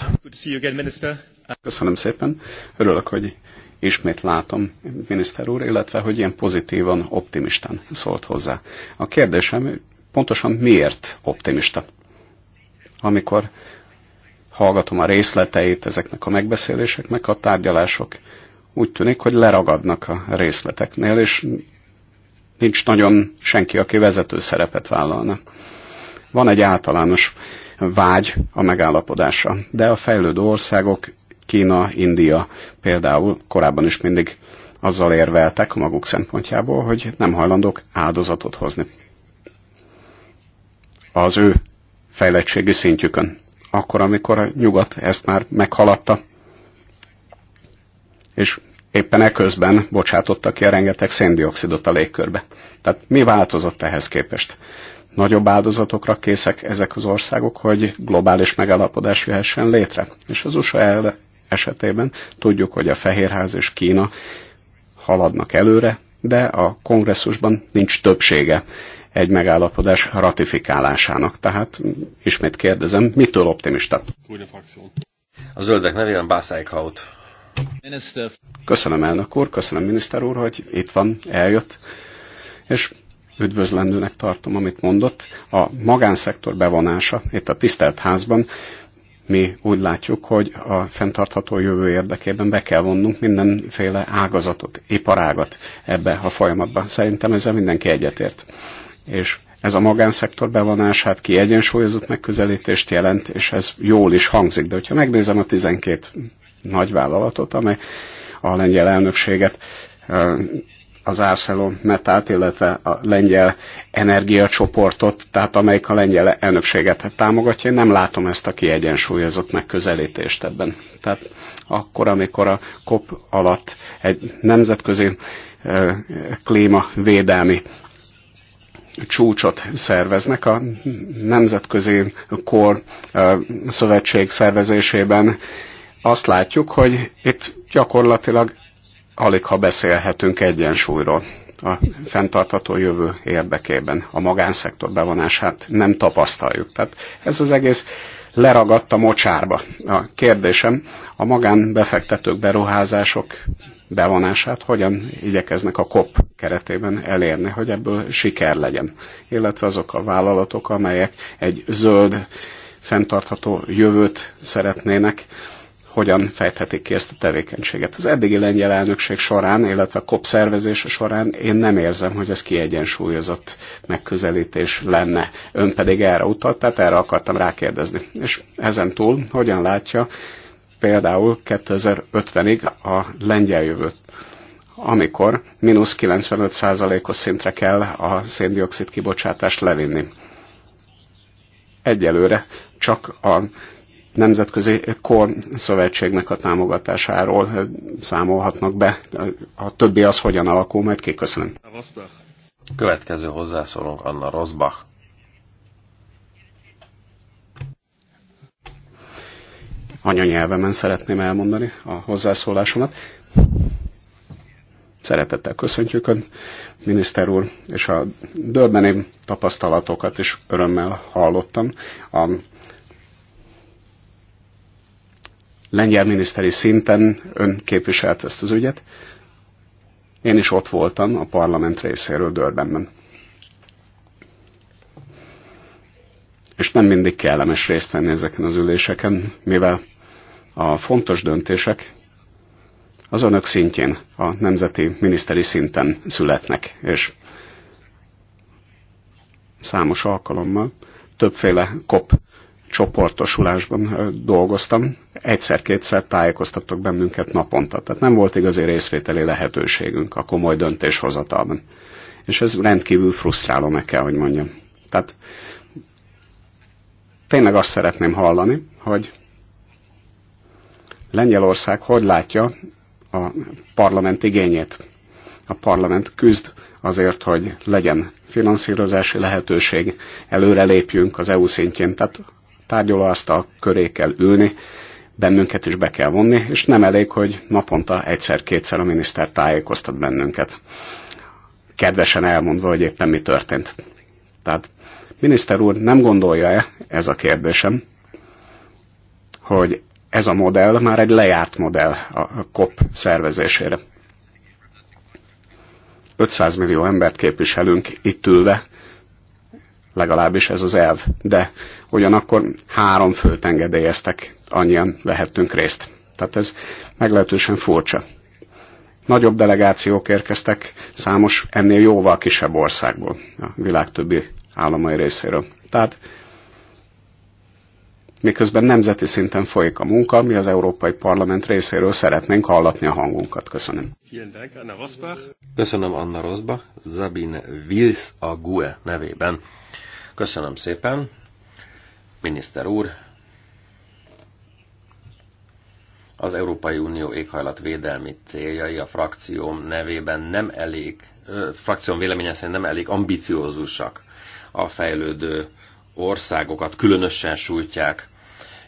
Köszönöm szépen. Örülök, hogy ismét látom, miniszter úr, illetve hogy ilyen pozitívan, optimistán szólt hozzá. A kérdésem pontosan miért optimista? Amikor hallgatom a részleteit ezeknek a megbeszéléseknek, a tárgyalások úgy tűnik, hogy leragadnak a részleteknél, és nincs nagyon senki, aki vezető szerepet vállalna. Van egy általános vágy a megállapodásra, de a fejlődő országok Kína, India például korábban is mindig azzal érveltek a maguk szempontjából, hogy nem hajlandók áldozatot hozni. Az ő fejlettségi szintjükön. Akkor, amikor a nyugat ezt már meghaladta, és éppen eközben bocsátottak ki a rengeteg széndiokszidot a légkörbe. Tehát mi változott ehhez képest? Nagyobb áldozatokra készek ezek az országok, hogy globális megállapodás jöhessen létre. És az USA esetében tudjuk, hogy a Fehérház és Kína haladnak előre, de a kongresszusban nincs többsége egy megállapodás ratifikálásának. Tehát ismét kérdezem, mitől optimista? A zöldek nevében Bászájkhaut. Köszönöm elnök úr, köszönöm miniszter úr, hogy itt van, eljött, és üdvözlendőnek tartom, amit mondott. A magánszektor bevonása itt a tisztelt házban mi úgy látjuk, hogy a fenntartható jövő érdekében be kell vonnunk mindenféle ágazatot, iparágat ebbe a folyamatba. Szerintem ezzel mindenki egyetért. És ez a magánszektor bevonását kiegyensúlyozott megközelítést jelent, és ez jól is hangzik. De hogyha megnézem a 12 nagy vállalatot, amely a lengyel elnökséget az Metát, illetve a lengyel energiacsoportot, tehát amelyik a lengyel elnökséget támogatja. Én nem látom ezt a kiegyensúlyozott megközelítést ebben. Tehát akkor, amikor a COP alatt egy nemzetközi klímavédelmi csúcsot szerveznek. A Nemzetközi Kor Szövetség szervezésében azt látjuk, hogy itt gyakorlatilag alig ha beszélhetünk egyensúlyról a fenntartható jövő érdekében. A magánszektor bevonását nem tapasztaljuk. Tehát ez az egész leragadt a mocsárba. A kérdésem, a magánbefektetők beruházások bevonását hogyan igyekeznek a COP keretében elérni, hogy ebből siker legyen. Illetve azok a vállalatok, amelyek egy zöld, fenntartható jövőt szeretnének, hogyan fejthetik ki ezt a tevékenységet. Az eddigi lengyel elnökség során, illetve a COP szervezése során én nem érzem, hogy ez kiegyensúlyozott megközelítés lenne. Ön pedig erre utalt, tehát erre akartam rákérdezni. És ezen túl hogyan látja például 2050-ig a lengyel jövőt? amikor mínusz 95%-os szintre kell a széndiokszid kibocsátást levinni. Egyelőre csak a Nemzetközi Kor Szövetségnek a támogatásáról számolhatnak be. A többi az hogyan alakul, majd kiköszönöm. Következő hozzászólunk Anna Rosbach. anyanyelvemen szeretném elmondani a hozzászólásomat. Szeretettel köszöntjük Ön, miniszter úr, és a dörbeni tapasztalatokat is örömmel hallottam. A lengyel miniszteri szinten ön képviselt ezt az ügyet. Én is ott voltam a parlament részéről Dörbenben. És nem mindig kellemes részt venni ezeken az üléseken, mivel a fontos döntések az önök szintjén, a nemzeti miniszteri szinten születnek, és számos alkalommal többféle kop csoportosulásban dolgoztam, egyszer-kétszer tájékoztattak bennünket naponta, tehát nem volt igazi részvételi lehetőségünk a komoly döntéshozatalban. És ez rendkívül frusztráló, meg kell, hogy mondjam. Tehát tényleg azt szeretném hallani, hogy Lengyelország hogy látja a parlament igényét. A parlament küzd azért, hogy legyen finanszírozási lehetőség, előrelépjünk az EU szintjén. Tehát tárgyalóasztal köré kell ülni, bennünket is be kell vonni, és nem elég, hogy naponta egyszer-kétszer a miniszter tájékoztat bennünket. Kedvesen elmondva, hogy éppen mi történt. Tehát, miniszter úr, nem gondolja-e, ez a kérdésem, hogy ez a modell már egy lejárt modell a COP szervezésére. 500 millió embert képviselünk itt ülve, legalábbis ez az elv. De ugyanakkor három főt engedélyeztek, annyian vehettünk részt. Tehát ez meglehetősen furcsa. Nagyobb delegációk érkeztek számos ennél jóval kisebb országból, a világ többi államai részéről. Tehát miközben nemzeti szinten folyik a munka, mi az Európai Parlament részéről szeretnénk hallatni a hangunkat. Köszönöm. Köszönöm Anna Rosbach, Zabine Wils a GUE nevében. Köszönöm szépen, miniszter úr. Az Európai Unió éghajlatvédelmi céljai a frakcióm nevében nem elég, ö, frakcióm véleménye szerint nem elég ambiciózusak. A fejlődő országokat különösen sújtják,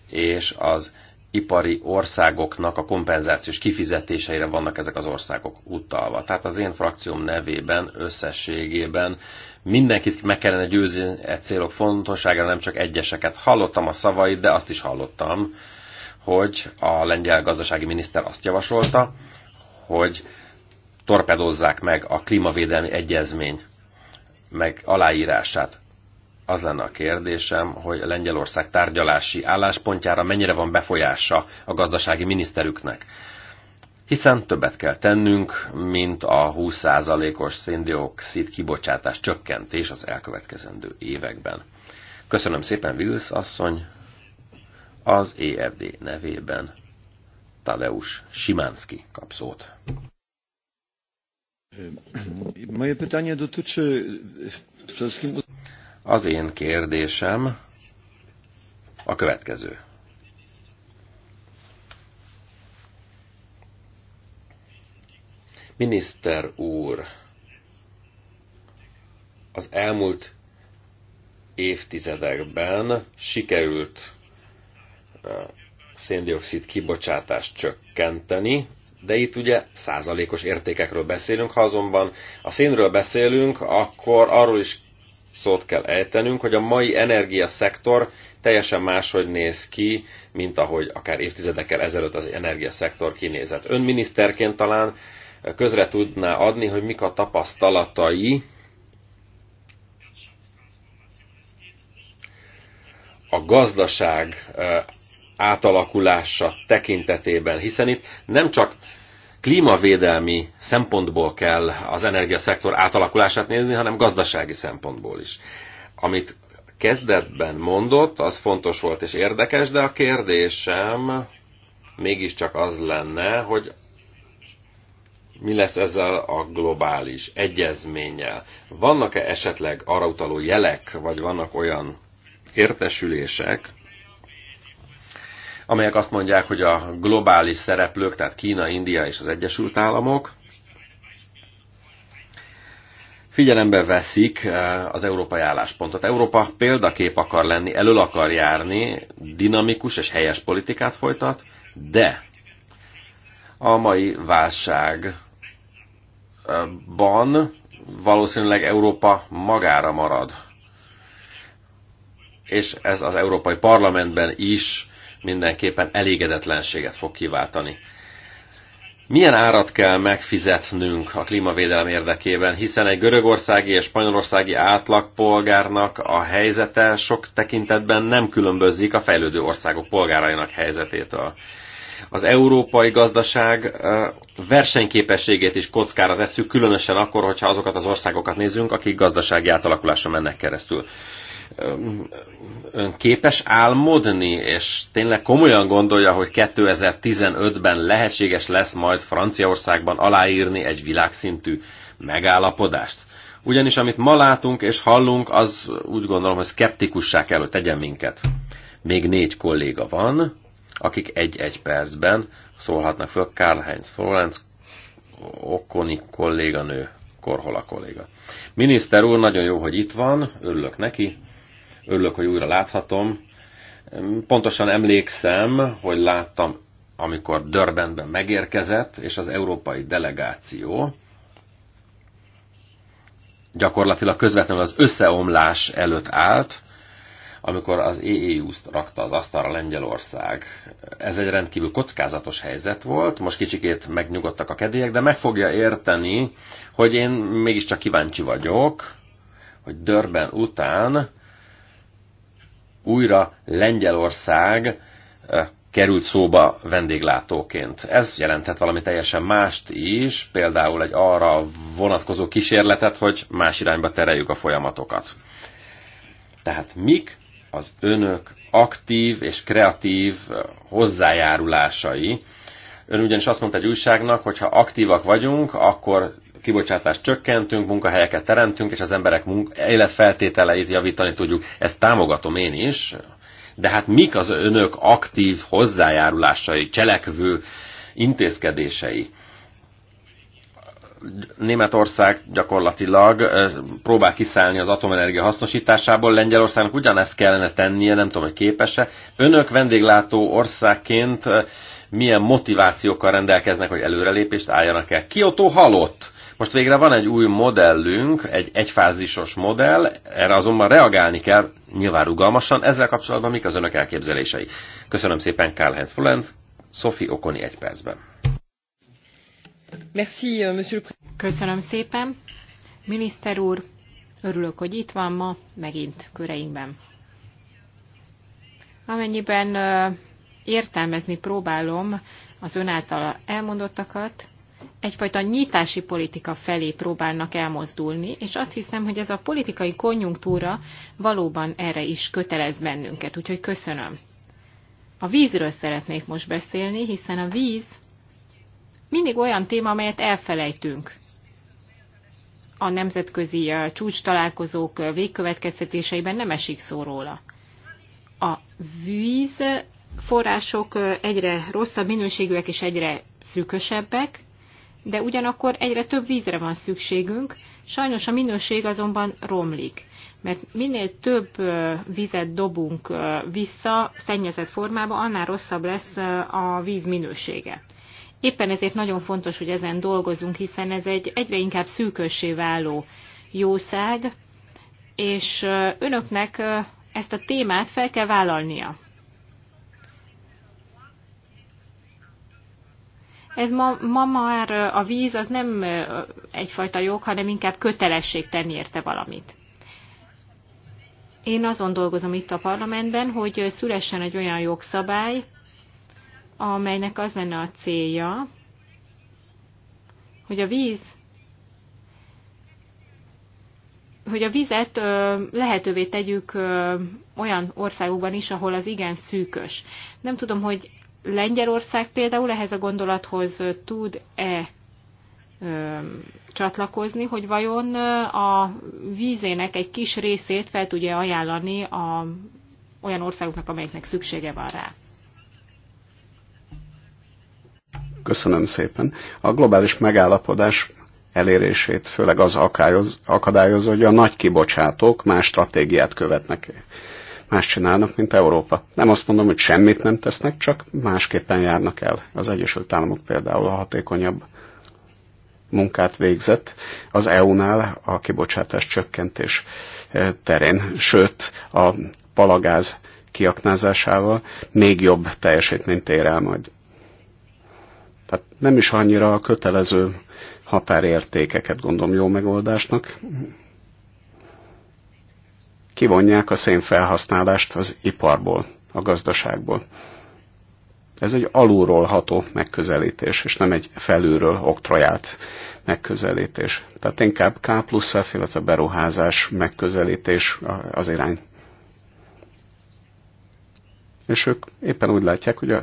és az ipari országoknak a kompenzációs kifizetéseire vannak ezek az országok utalva. Tehát az én frakcióm nevében összességében mindenkit meg kellene győzni e célok fontosságára, nem csak egyeseket. Hallottam a szavait, de azt is hallottam, hogy a lengyel gazdasági miniszter azt javasolta, hogy torpedozzák meg a klímavédelmi egyezmény meg aláírását. Az lenne a kérdésem, hogy a Lengyelország tárgyalási álláspontjára mennyire van befolyása a gazdasági miniszterüknek hiszen többet kell tennünk, mint a 20%-os széndiokszid kibocsátás csökkentés az elkövetkezendő években. Köszönöm szépen, Wills asszony, az EFD nevében Tadeusz Simánszki kap szót. Az én kérdésem a következő. Miniszter úr, az elmúlt évtizedekben sikerült széndiokszid kibocsátást csökkenteni, de itt ugye százalékos értékekről beszélünk, ha azonban a szénről beszélünk, akkor arról is szót kell ejtenünk, hogy a mai energiaszektor teljesen máshogy néz ki, mint ahogy akár évtizedekkel ezelőtt az energiaszektor kinézett. Ön miniszterként talán közre tudná adni, hogy mik a tapasztalatai a gazdaság átalakulása tekintetében, hiszen itt nem csak klímavédelmi szempontból kell az energiaszektor átalakulását nézni, hanem gazdasági szempontból is. Amit kezdetben mondott, az fontos volt és érdekes, de a kérdésem mégiscsak az lenne, hogy mi lesz ezzel a globális egyezménnyel? Vannak-e esetleg arra utaló jelek, vagy vannak olyan értesülések, amelyek azt mondják, hogy a globális szereplők, tehát Kína, India és az Egyesült Államok figyelembe veszik eh, az európai álláspontot. Európa példakép akar lenni, elől akar járni, dinamikus és helyes politikát folytat, de a mai válság ban valószínűleg Európa magára marad. És ez az Európai Parlamentben is mindenképpen elégedetlenséget fog kiváltani. Milyen árat kell megfizetnünk a klímavédelem érdekében, hiszen egy görögországi és spanyolországi átlagpolgárnak a helyzete sok tekintetben nem különbözik a fejlődő országok polgárainak helyzetétől az európai gazdaság versenyképességét is kockára tesszük, különösen akkor, hogyha azokat az országokat nézünk, akik gazdasági átalakuláson mennek keresztül. Ön képes álmodni, és tényleg komolyan gondolja, hogy 2015-ben lehetséges lesz majd Franciaországban aláírni egy világszintű megállapodást? Ugyanis amit ma látunk és hallunk, az úgy gondolom, hogy szkeptikusság kell, tegyen minket. Még négy kolléga van akik egy-egy percben szólhatnak föl Karl-Heinz Florenz, Okoni kolléganő, Korhola kolléga. Miniszter úr, nagyon jó, hogy itt van, örülök neki, örülök, hogy újra láthatom. Pontosan emlékszem, hogy láttam, amikor Dörbenben megérkezett, és az európai delegáció gyakorlatilag közvetlenül az összeomlás előtt állt, amikor az EEU-t rakta az asztalra Lengyelország. Ez egy rendkívül kockázatos helyzet volt, most kicsikét megnyugodtak a kedélyek, de meg fogja érteni, hogy én mégiscsak kíváncsi vagyok, hogy Dörben után újra Lengyelország került szóba vendéglátóként. Ez jelenthet valami teljesen mást is, például egy arra vonatkozó kísérletet, hogy más irányba tereljük a folyamatokat. Tehát mik az önök aktív és kreatív hozzájárulásai. Ön ugyanis azt mondta egy újságnak, hogy ha aktívak vagyunk, akkor kibocsátást csökkentünk, munkahelyeket teremtünk, és az emberek életfeltételeit javítani tudjuk. Ezt támogatom én is, de hát mik az önök aktív hozzájárulásai, cselekvő intézkedései? Németország gyakorlatilag próbál kiszállni az atomenergia hasznosításából, Lengyelországnak ugyanezt kellene tennie, nem tudom, hogy képes-e. Önök vendéglátó országként milyen motivációkkal rendelkeznek, hogy előrelépést álljanak el. Kyoto halott. Most végre van egy új modellünk, egy egyfázisos modell, erre azonban reagálni kell, nyilván rugalmasan. Ezzel kapcsolatban mik az önök elképzelései? Köszönöm szépen, Karl-Heinz Florenz, Sophie Okoni egy percben. Euh, köszönöm szépen. Miniszter úr, örülök, hogy itt van ma megint köreinkben. Amennyiben értelmezni próbálom az ön által elmondottakat, egyfajta nyitási politika felé próbálnak elmozdulni, és azt hiszem, hogy ez a politikai konjunktúra valóban erre is kötelez bennünket, úgyhogy köszönöm. A vízről szeretnék most beszélni, hiszen a víz mindig olyan téma, amelyet elfelejtünk a nemzetközi csúcs találkozók végkövetkeztetéseiben nem esik szó róla. A víz források egyre rosszabb minőségűek és egyre szűkösebbek, de ugyanakkor egyre több vízre van szükségünk, sajnos a minőség azonban romlik, mert minél több vizet dobunk vissza szennyezett formába, annál rosszabb lesz a víz minősége. Éppen ezért nagyon fontos, hogy ezen dolgozunk, hiszen ez egy egyre inkább szűkössé váló jószág, és önöknek ezt a témát fel kell vállalnia. Ez ma, ma már a víz az nem egyfajta jog, hanem inkább kötelesség tenni érte valamit. Én azon dolgozom itt a parlamentben, hogy szülessen egy olyan jogszabály, amelynek az lenne a célja, hogy a víz hogy a vizet ö, lehetővé tegyük ö, olyan országokban is, ahol az igen szűkös. Nem tudom, hogy Lengyelország például ehhez a gondolathoz tud-e csatlakozni, hogy vajon a vízének egy kis részét fel tudja ajánlani a, olyan országoknak, amelyeknek szüksége van rá. Köszönöm szépen. A globális megállapodás elérését főleg az akadályozza, hogy a nagy kibocsátók más stratégiát követnek, más csinálnak, mint Európa. Nem azt mondom, hogy semmit nem tesznek, csak másképpen járnak el. Az Egyesült Államok például a hatékonyabb munkát végzett az EU-nál a kibocsátás csökkentés eh, terén, sőt a palagáz kiaknázásával még jobb teljesítményt ér el majd tehát nem is annyira a kötelező határértékeket gondolom jó megoldásnak. Kivonják a szénfelhasználást az iparból, a gazdaságból. Ez egy alulról ható megközelítés, és nem egy felülről oktroyált megközelítés. Tehát inkább K plusz F, illetve beruházás megközelítés az irány. És ők éppen úgy látják, hogy a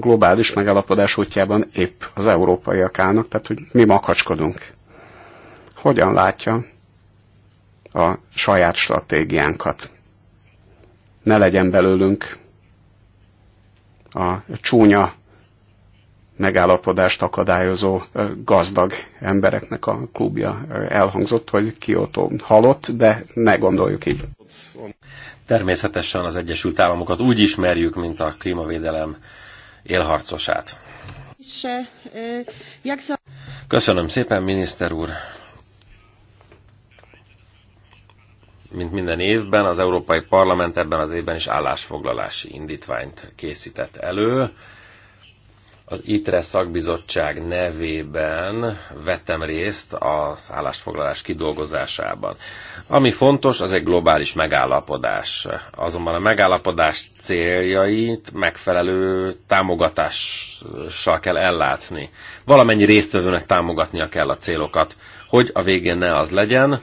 globális megállapodás útjában épp az európaiak állnak, tehát hogy mi makacskodunk. Hogyan látja a saját stratégiánkat? Ne legyen belőlünk a csúnya megállapodást akadályozó gazdag embereknek a klubja elhangzott, hogy Kyoto halott, de ne gondoljuk így. Természetesen az Egyesült Államokat úgy ismerjük, mint a klímavédelem élharcosát. Köszönöm szépen, miniszter úr! Mint minden évben, az Európai Parlament ebben az évben is állásfoglalási indítványt készített elő. Az ITRE szakbizottság nevében vettem részt az állásfoglalás kidolgozásában. Ami fontos, az egy globális megállapodás. Azonban a megállapodás céljait megfelelő támogatással kell ellátni. Valamennyi résztvevőnek támogatnia kell a célokat, hogy a végén ne az legyen,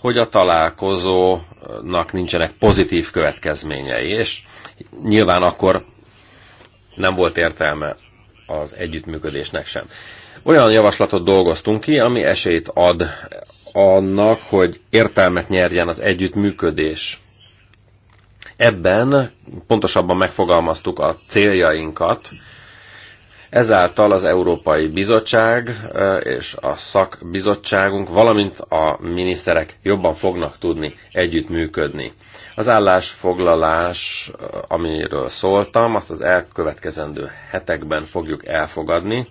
hogy a találkozónak nincsenek pozitív következményei, és nyilván akkor nem volt értelme az együttműködésnek sem. Olyan javaslatot dolgoztunk ki, ami esélyt ad annak, hogy értelmet nyerjen az együttműködés. Ebben pontosabban megfogalmaztuk a céljainkat, Ezáltal az Európai Bizottság és a szakbizottságunk, valamint a miniszterek jobban fognak tudni együttműködni. Az állásfoglalás, amiről szóltam, azt az elkövetkezendő hetekben fogjuk elfogadni.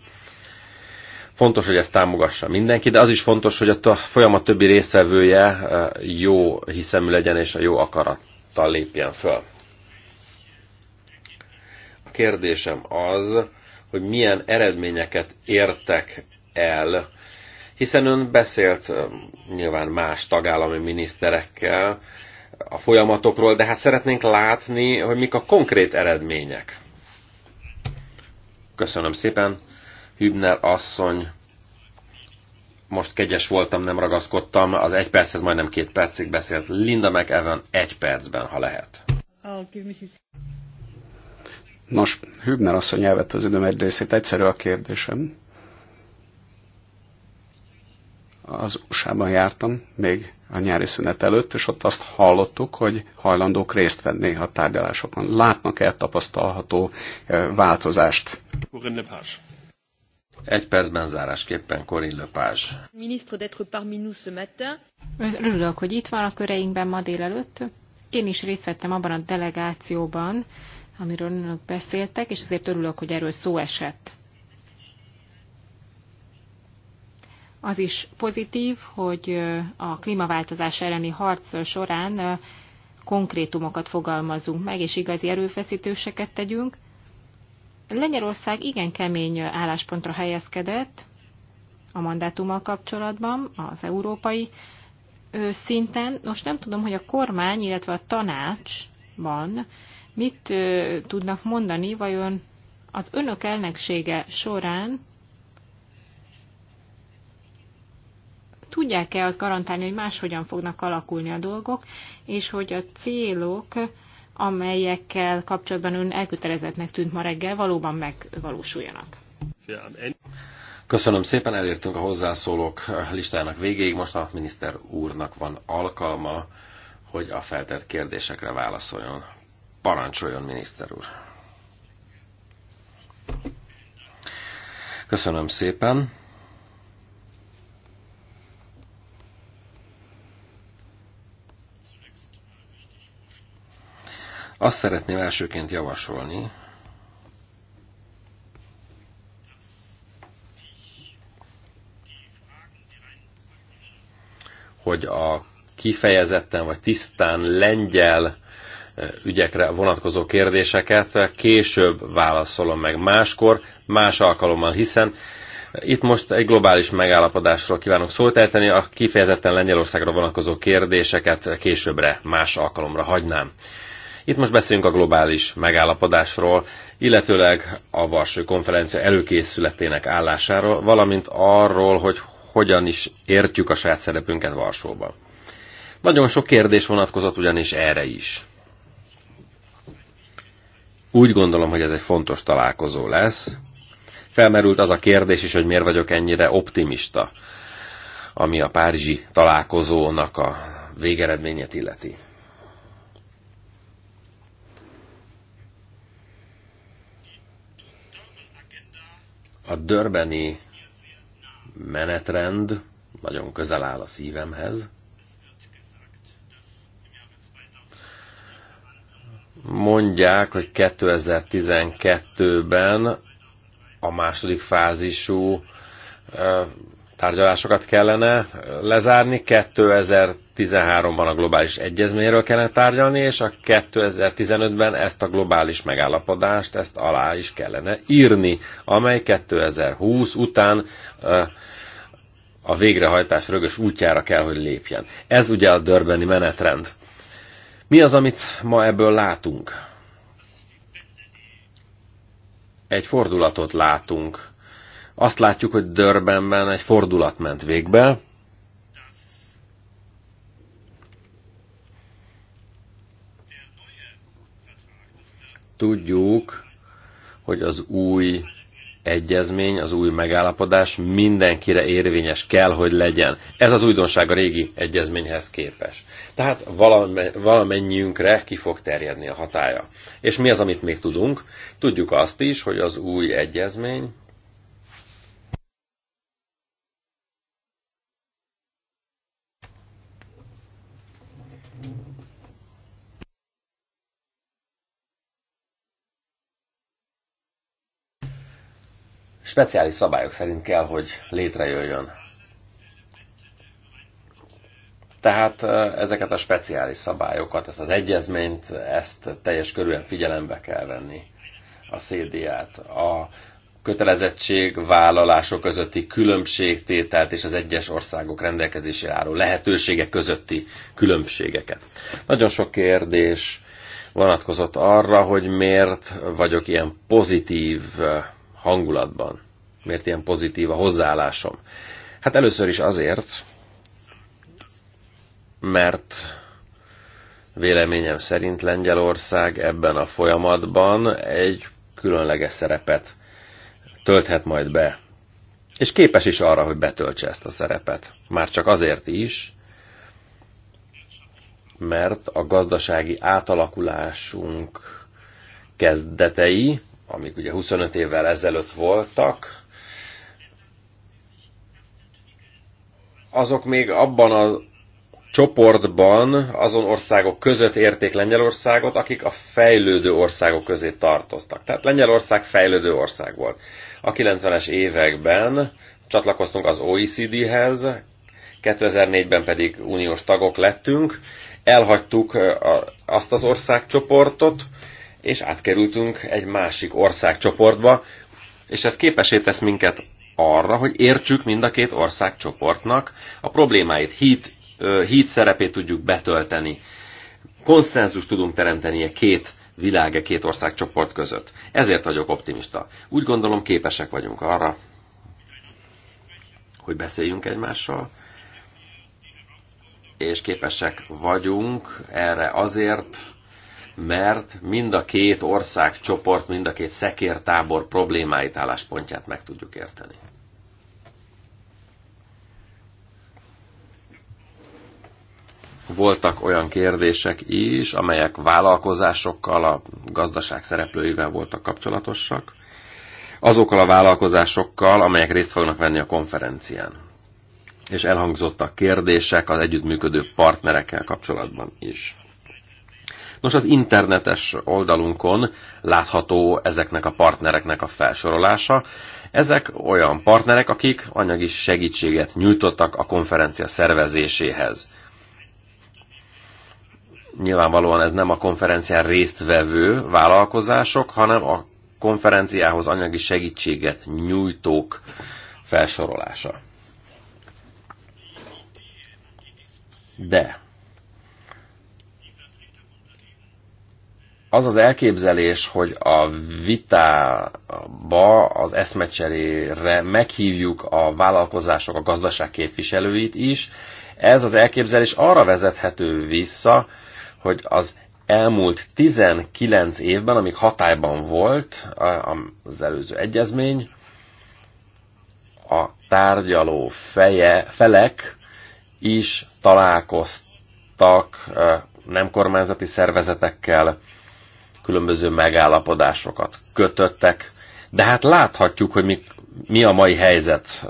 Fontos, hogy ezt támogassa mindenki, de az is fontos, hogy a folyamat többi résztvevője eh, jó hiszemű legyen és a jó akarattal lépjen föl. A kérdésem az, hogy milyen eredményeket értek el, hiszen ön beszélt eh, nyilván más tagállami miniszterekkel, a folyamatokról, de hát szeretnénk látni, hogy mik a konkrét eredmények. Köszönöm szépen, Hübner asszony. Most kegyes voltam, nem ragaszkodtam. Az egy perchez majdnem két percig beszélt. Linda meg Evan egy percben, ha lehet. Nos, Hübner asszony elvette az időm egy részét. Egyszerű a kérdésem. Az USA-ban jártam még a nyári szünet előtt, és ott azt hallottuk, hogy hajlandók részt venni a tárgyalásokon. Látnak-e tapasztalható változást? Egy percben zárásképpen Corinne Lepage. Ministre d'être parmi nous ce matin. Örülök, hogy itt van a köreinkben ma délelőtt. Én is részt vettem abban a delegációban, amiről önök beszéltek, és azért örülök, hogy erről szó esett. Az is pozitív, hogy a klímaváltozás elleni harc során konkrétumokat fogalmazunk meg, és igazi erőfeszítéseket tegyünk. Lengyelország igen kemény álláspontra helyezkedett a mandátummal kapcsolatban, az európai szinten. Most nem tudom, hogy a kormány, illetve a tanácsban mit tudnak mondani, vajon az önök elnöksége során tudják-e azt garantálni, hogy máshogyan fognak alakulni a dolgok, és hogy a célok, amelyekkel kapcsolatban ön elkötelezettnek tűnt ma reggel, valóban megvalósuljanak. Köszönöm szépen, elértünk a hozzászólók listájának végéig. Most a miniszter úrnak van alkalma, hogy a feltett kérdésekre válaszoljon. Parancsoljon, miniszter úr! Köszönöm szépen. Azt szeretném elsőként javasolni, hogy a kifejezetten vagy tisztán lengyel ügyekre vonatkozó kérdéseket később válaszolom meg máskor, más alkalommal, hiszen itt most egy globális megállapodásról kívánok szót ejteni, a kifejezetten Lengyelországra vonatkozó kérdéseket későbbre, más alkalomra hagynám. Itt most beszélünk a globális megállapodásról, illetőleg a Varsó konferencia előkészületének állásáról, valamint arról, hogy hogyan is értjük a saját szerepünket Varsóban. Nagyon sok kérdés vonatkozott ugyanis erre is. Úgy gondolom, hogy ez egy fontos találkozó lesz. Felmerült az a kérdés is, hogy miért vagyok ennyire optimista, ami a párizsi találkozónak a végeredményet illeti. A dörbeni menetrend nagyon közel áll a szívemhez. Mondják, hogy 2012-ben a második fázisú tárgyalásokat kellene lezárni, 2000 2013-ban a globális egyezményről kellene tárgyalni, és a 2015-ben ezt a globális megállapodást, ezt alá is kellene írni, amely 2020 után a végrehajtás rögös útjára kell, hogy lépjen. Ez ugye a dörbeni menetrend. Mi az, amit ma ebből látunk? Egy fordulatot látunk. Azt látjuk, hogy Dörbenben egy fordulat ment végbe, Tudjuk, hogy az új egyezmény, az új megállapodás mindenkire érvényes kell, hogy legyen. Ez az újdonság a régi egyezményhez képes. Tehát valamennyiünkre ki fog terjedni a hatája. És mi az, amit még tudunk? Tudjuk azt is, hogy az új egyezmény speciális szabályok szerint kell, hogy létrejöjjön. Tehát ezeket a speciális szabályokat, ezt az egyezményt, ezt teljes körülön figyelembe kell venni a CDA-t. A vállalások közötti különbségtételt és az egyes országok rendelkezésére álló lehetőségek közötti különbségeket. Nagyon sok kérdés vonatkozott arra, hogy miért vagyok ilyen pozitív hangulatban? Miért ilyen pozitív a hozzáállásom? Hát először is azért, mert véleményem szerint Lengyelország ebben a folyamatban egy különleges szerepet tölthet majd be. És képes is arra, hogy betöltse ezt a szerepet. Már csak azért is, mert a gazdasági átalakulásunk kezdetei amik ugye 25 évvel ezelőtt voltak, azok még abban a csoportban azon országok között érték Lengyelországot, akik a fejlődő országok közé tartoztak. Tehát Lengyelország fejlődő ország volt. A 90-es években csatlakoztunk az OECD-hez, 2004-ben pedig uniós tagok lettünk, elhagytuk azt az országcsoportot, és átkerültünk egy másik országcsoportba, és ez képesé tesz minket arra, hogy értsük mind a két országcsoportnak a problémáit, hit, hit szerepét tudjuk betölteni, konszenzus tudunk teremteni a e két világe két országcsoport között. Ezért vagyok optimista. Úgy gondolom képesek vagyunk arra, hogy beszéljünk egymással, és képesek vagyunk erre azért, mert mind a két ország csoport, mind a két szekértábor problémáit, álláspontját meg tudjuk érteni. Voltak olyan kérdések is, amelyek vállalkozásokkal, a gazdaság szereplőivel voltak kapcsolatosak, azokkal a vállalkozásokkal, amelyek részt fognak venni a konferencián. És elhangzottak kérdések az együttműködő partnerekkel kapcsolatban is Nos, az internetes oldalunkon látható ezeknek a partnereknek a felsorolása. Ezek olyan partnerek, akik anyagi segítséget nyújtottak a konferencia szervezéséhez. Nyilvánvalóan ez nem a konferencián résztvevő vállalkozások, hanem a konferenciához anyagi segítséget nyújtók felsorolása. De az az elképzelés, hogy a vitába, az eszmecserére meghívjuk a vállalkozások, a gazdaság képviselőit is, ez az elképzelés arra vezethető vissza, hogy az elmúlt 19 évben, amíg hatályban volt az előző egyezmény, a tárgyaló feje, felek is találkoztak nem kormányzati szervezetekkel, különböző megállapodásokat kötöttek, de hát láthatjuk, hogy mi, mi a mai helyzet.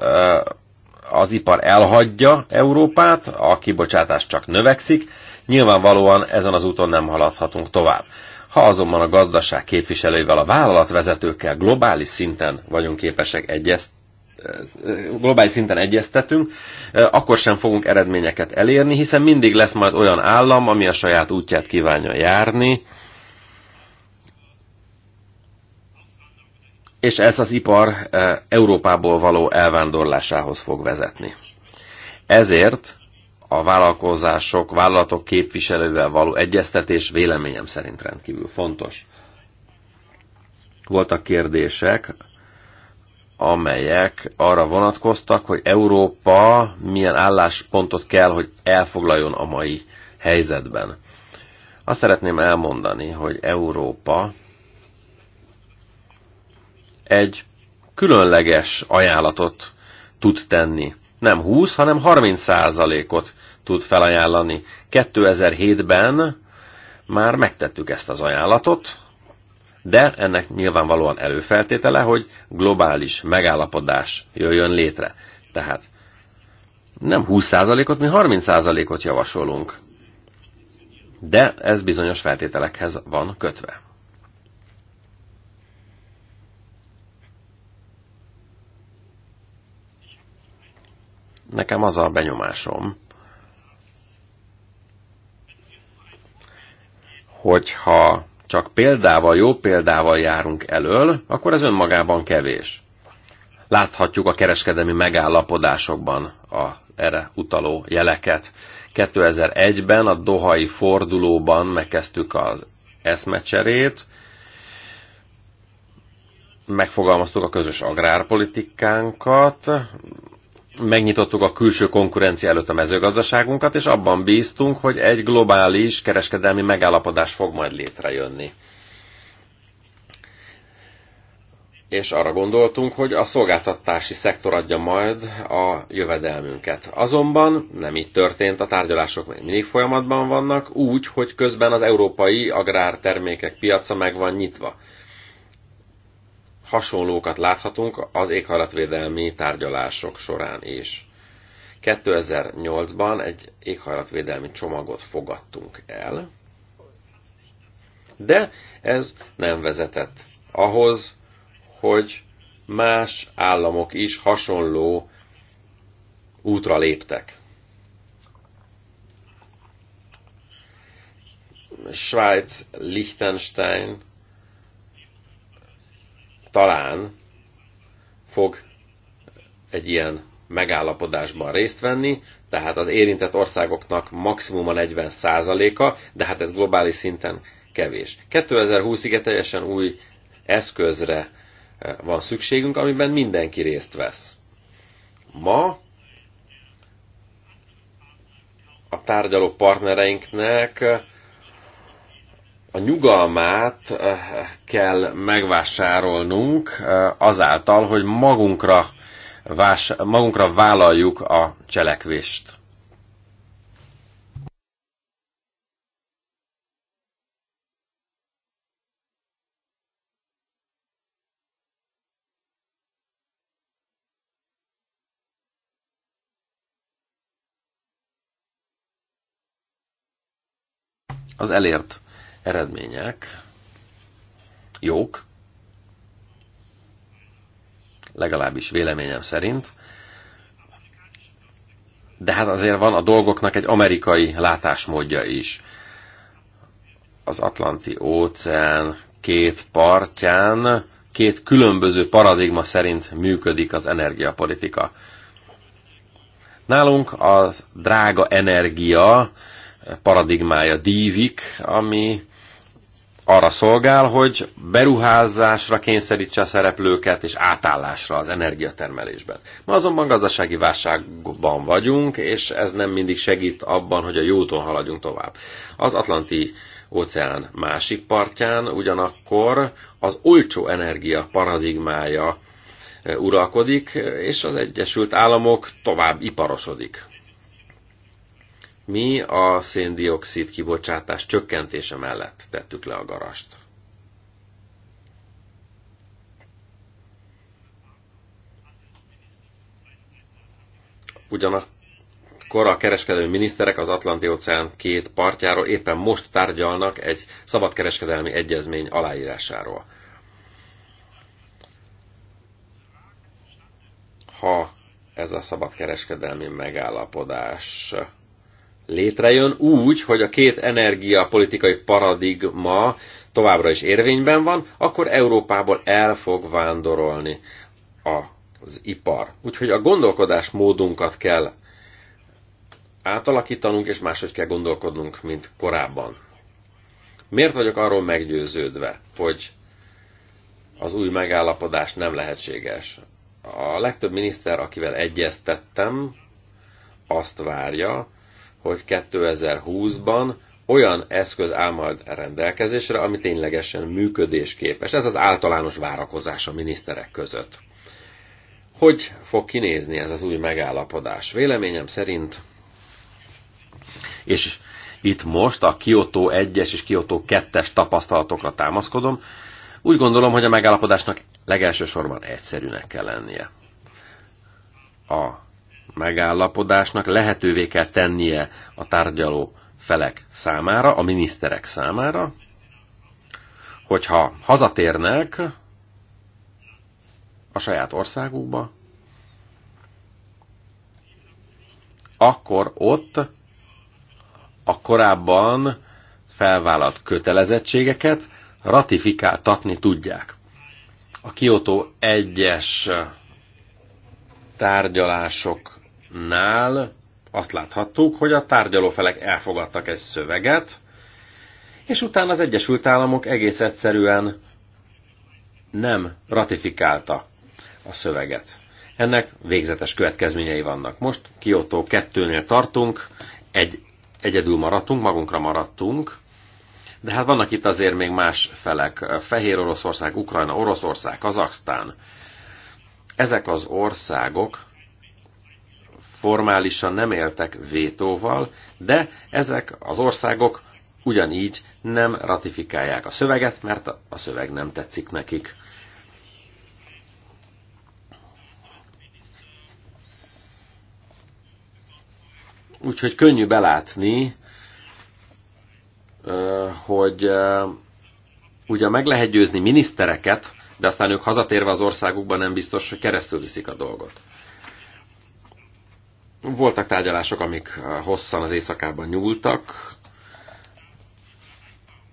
Az ipar elhagyja Európát, a kibocsátás csak növekszik, nyilvánvalóan ezen az úton nem haladhatunk tovább. Ha azonban a gazdaság képviselőivel, a vállalatvezetőkkel globális szinten vagyunk képesek egyezt, globális szinten egyeztetünk, akkor sem fogunk eredményeket elérni, hiszen mindig lesz majd olyan állam, ami a saját útját kívánja járni, és ez az ipar eh, Európából való elvándorlásához fog vezetni. Ezért a vállalkozások, vállalatok képviselővel való egyeztetés véleményem szerint rendkívül fontos. Voltak kérdések, amelyek arra vonatkoztak, hogy Európa milyen álláspontot kell, hogy elfoglaljon a mai helyzetben. Azt szeretném elmondani, hogy Európa egy különleges ajánlatot tud tenni. Nem 20, hanem 30 százalékot tud felajánlani. 2007-ben már megtettük ezt az ajánlatot, de ennek nyilvánvalóan előfeltétele, hogy globális megállapodás jöjjön létre. Tehát nem 20%-ot, mi 30%-ot javasolunk. De ez bizonyos feltételekhez van kötve. Nekem az a benyomásom, hogyha csak példával, jó példával járunk elől, akkor ez önmagában kevés. Láthatjuk a kereskedelmi megállapodásokban a erre utaló jeleket. 2001-ben a Dohai fordulóban megkezdtük az eszmecserét, megfogalmaztuk a közös agrárpolitikánkat, megnyitottuk a külső konkurencia előtt a mezőgazdaságunkat, és abban bíztunk, hogy egy globális kereskedelmi megállapodás fog majd létrejönni. És arra gondoltunk, hogy a szolgáltatási szektor adja majd a jövedelmünket. Azonban nem így történt, a tárgyalások még mindig folyamatban vannak, úgy, hogy közben az európai agrártermékek piaca meg van nyitva hasonlókat láthatunk az éghajlatvédelmi tárgyalások során is. 2008-ban egy éghajlatvédelmi csomagot fogadtunk el, de ez nem vezetett ahhoz, hogy más államok is hasonló útra léptek. Svájc, Liechtenstein talán fog egy ilyen megállapodásban részt venni, tehát az érintett országoknak maximum a 40%-a, de hát ez globális szinten kevés. 2020-ig teljesen új eszközre eh, van szükségünk, amiben mindenki részt vesz. Ma a tárgyaló partnereinknek a nyugalmát eh, kell megvásárolnunk eh, azáltal, hogy magunkra, vás, magunkra vállaljuk a cselekvést. az elért eredmények jók, legalábbis véleményem szerint, de hát azért van a dolgoknak egy amerikai látásmódja is. Az Atlanti óceán két partján két különböző paradigma szerint működik az energiapolitika. Nálunk az drága energia paradigmája dívik, ami arra szolgál, hogy beruházásra kényszerítse a szereplőket és átállásra az energiatermelésben. Ma azonban gazdasági válságban vagyunk, és ez nem mindig segít abban, hogy a jóton haladjunk tovább. Az Atlanti óceán másik partján ugyanakkor az olcsó energia paradigmája uralkodik, és az Egyesült Államok tovább iparosodik. Mi a széndiokszid kibocsátás csökkentése mellett tettük le a garast. Ugyanakkor a kereskedelmi miniszterek az Atlanti-óceán két partjáról éppen most tárgyalnak egy szabadkereskedelmi egyezmény aláírásáról. Ha ez a szabadkereskedelmi megállapodás létrejön úgy, hogy a két energiapolitikai paradigma továbbra is érvényben van, akkor Európából el fog vándorolni az ipar. Úgyhogy a gondolkodásmódunkat kell átalakítanunk, és máshogy kell gondolkodnunk, mint korábban. Miért vagyok arról meggyőződve, hogy az új megállapodás nem lehetséges? A legtöbb miniszter, akivel egyeztettem, azt várja, hogy 2020-ban olyan eszköz áll majd rendelkezésre, ami ténylegesen működésképes. Ez az általános várakozás a miniszterek között. Hogy fog kinézni ez az új megállapodás? Véleményem szerint, és itt most a Kyoto 1-es és Kyoto 2-es tapasztalatokra támaszkodom, úgy gondolom, hogy a megállapodásnak legelsősorban egyszerűnek kell lennie. A megállapodásnak lehetővé kell tennie a tárgyaló felek számára, a miniszterek számára, hogyha hazatérnek a saját országukba, akkor ott a korábban felvállalt kötelezettségeket ratifikáltatni tudják. A Kyoto 1-es tárgyalások nál azt láthattuk, hogy a tárgyalófelek elfogadtak egy szöveget, és utána az Egyesült Államok egész egyszerűen nem ratifikálta a szöveget. Ennek végzetes következményei vannak. Most Kiotó kettőnél tartunk, egy, egyedül maradtunk, magunkra maradtunk, de hát vannak itt azért még más felek. Fehér Oroszország, Ukrajna, Oroszország, Kazaksztán. Ezek az országok formálisan nem éltek vétóval, de ezek az országok ugyanígy nem ratifikálják a szöveget, mert a szöveg nem tetszik nekik. Úgyhogy könnyű belátni, hogy ugye meg lehet győzni minisztereket, de aztán ők hazatérve az országukban nem biztos, hogy keresztül viszik a dolgot. Voltak tárgyalások, amik eh, hosszan az éjszakában nyúltak,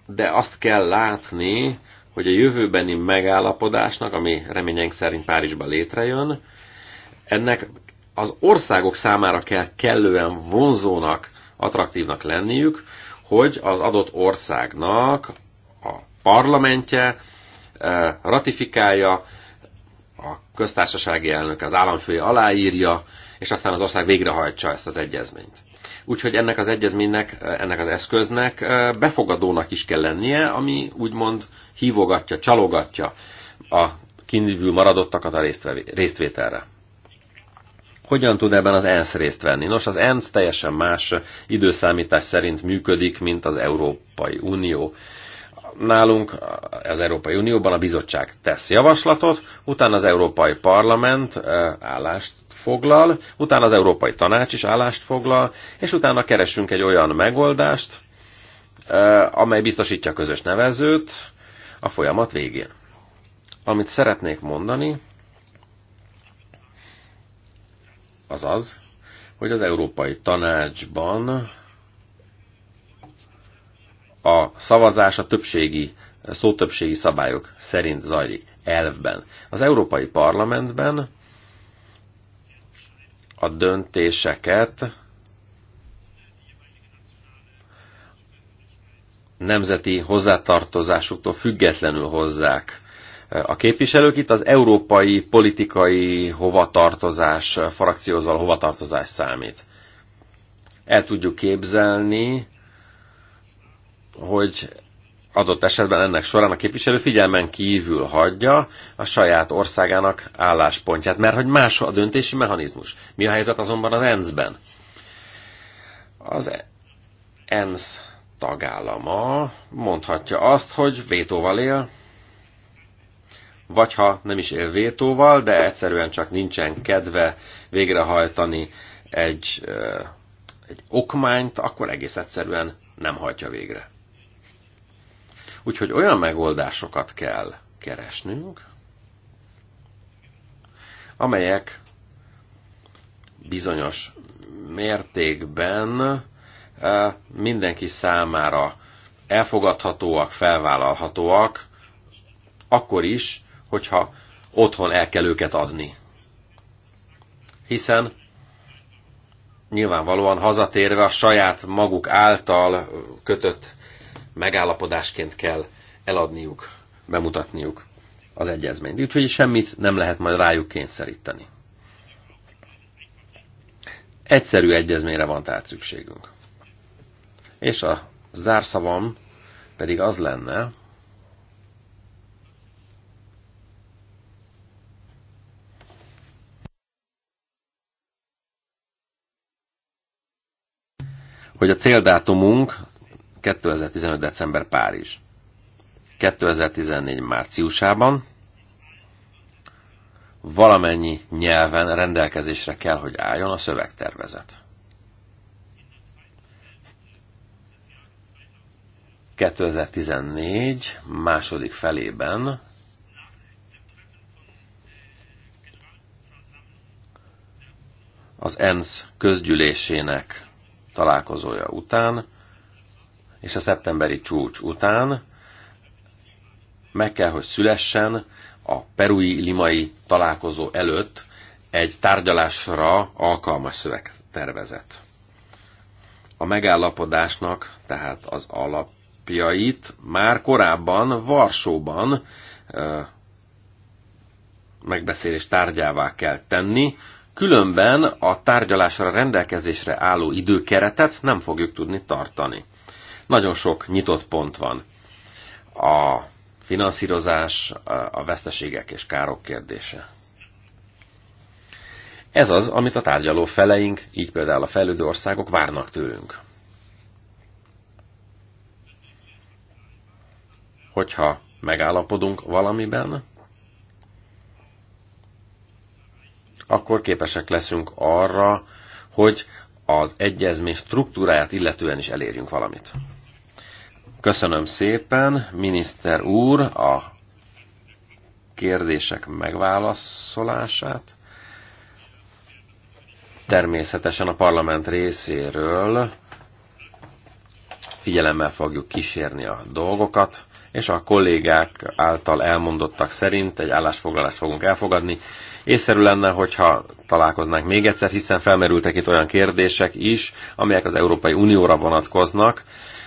de azt kell látni, hogy a jövőbeni megállapodásnak, ami reményeink szerint Párizsban létrejön, ennek az országok számára kell kellően vonzónak, attraktívnak lenniük, hogy az adott országnak a parlamentje eh, ratifikálja, a köztársasági elnök az államfője aláírja, és aztán az ország végrehajtsa ezt az egyezményt. Úgyhogy ennek az egyezménynek, ennek az eszköznek befogadónak is kell lennie, ami úgymond hívogatja, csalogatja a kívül maradottakat a résztvételre. Hogyan tud ebben az ENSZ részt venni? Nos, az ENSZ teljesen más időszámítás szerint működik, mint az Európai Unió. Nálunk az Európai Unióban a bizottság tesz javaslatot, utána az Európai Parlament állást foglal, utána az Európai Tanács is állást foglal, és utána keresünk egy olyan megoldást, amely biztosítja a közös nevezőt a folyamat végén. Amit szeretnék mondani, az az, hogy az Európai Tanácsban a szavazás a többségi, szótöbbségi szabályok szerint zajlik elvben. Az Európai Parlamentben a döntéseket nemzeti hozzátartozásuktól függetlenül hozzák a képviselők. Itt az európai politikai hovatartozás, frakcióhoz való hovatartozás számít. El tudjuk képzelni, hogy adott esetben ennek során a képviselő figyelmen kívül hagyja a saját országának álláspontját, mert hogy más a döntési mechanizmus. Mi a helyzet azonban az ENSZ-ben? Az ENSZ tagállama mondhatja azt, hogy vétóval él, vagy ha nem is él vétóval, de egyszerűen csak nincsen kedve végrehajtani egy, egy okmányt, akkor egész egyszerűen nem hajtja végre. Úgyhogy olyan megoldásokat kell keresnünk, amelyek bizonyos mértékben eh, mindenki számára elfogadhatóak, felvállalhatóak, akkor is, hogyha otthon el kell őket adni. Hiszen nyilvánvalóan hazatérve a saját maguk által kötött megállapodásként kell eladniuk, bemutatniuk az egyezményt. Úgyhogy semmit nem lehet majd rájuk kényszeríteni. Egyszerű egyezményre van tehát szükségünk. És a zárszavam pedig az lenne, hogy a céldátumunk 2015. december Párizs. 2014. márciusában valamennyi nyelven rendelkezésre kell, hogy álljon a szövegtervezet. 2014 második felében az ENSZ közgyűlésének találkozója után és a szeptemberi csúcs után meg kell, hogy szülessen a perui limai találkozó előtt egy tárgyalásra alkalmas szövegtervezet. A megállapodásnak tehát az alapjait már korábban Varsóban megbeszélés tárgyává kell tenni, különben a tárgyalásra rendelkezésre álló időkeretet nem fogjuk tudni tartani. Nagyon sok nyitott pont van. A finanszírozás, a veszteségek és károk kérdése. Ez az, amit a tárgyaló feleink, így például a fejlődő országok várnak tőlünk. Hogyha megállapodunk valamiben, akkor képesek leszünk arra, hogy az egyezmény struktúráját illetően is elérjünk valamit. Köszönöm szépen, miniszter úr, a kérdések megválaszolását. Természetesen a parlament részéről figyelemmel fogjuk kísérni a dolgokat, és a kollégák által elmondottak szerint egy állásfoglalást fogunk elfogadni. Észszerű lenne, hogyha találkoznánk még egyszer, hiszen felmerültek itt olyan kérdések is, amelyek az Európai Unióra vonatkoznak,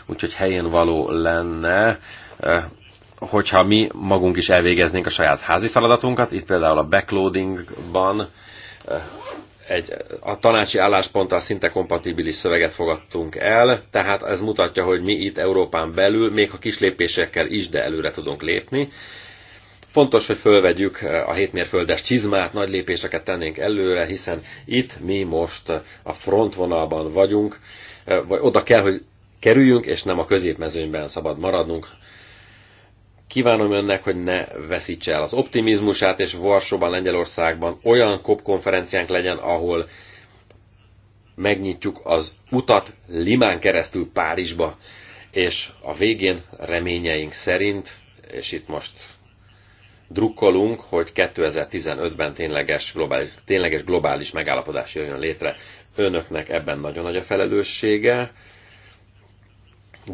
úgyhogy helyén való lenne, eh, hogyha mi magunk is elvégeznénk a saját házi feladatunkat, itt például a backloadingban eh, egy, a tanácsi állásponttal szinte kompatibilis szöveget fogadtunk el, tehát ez mutatja, hogy mi itt Európán belül, még ha kis lépésekkel is, de előre tudunk lépni. Fontos, hogy fölvegyük eh, a hétmérföldes csizmát, nagy lépéseket tennénk előre, hiszen itt mi most a frontvonalban vagyunk, vagy oda kell, hogy kerüljünk, és nem a középmezőnyben szabad maradnunk. Kívánom önnek, hogy ne veszítse el az optimizmusát, és Varsóban, Lengyelországban olyan COP konferenciánk legyen, ahol megnyitjuk az utat Limán keresztül Párizsba, és a végén reményeink szerint, és itt most drukkolunk, hogy 2015-ben tényleges globális, tényleges globális megállapodás jöjjön létre. Önöknek ebben nagyon nagy a felelőssége,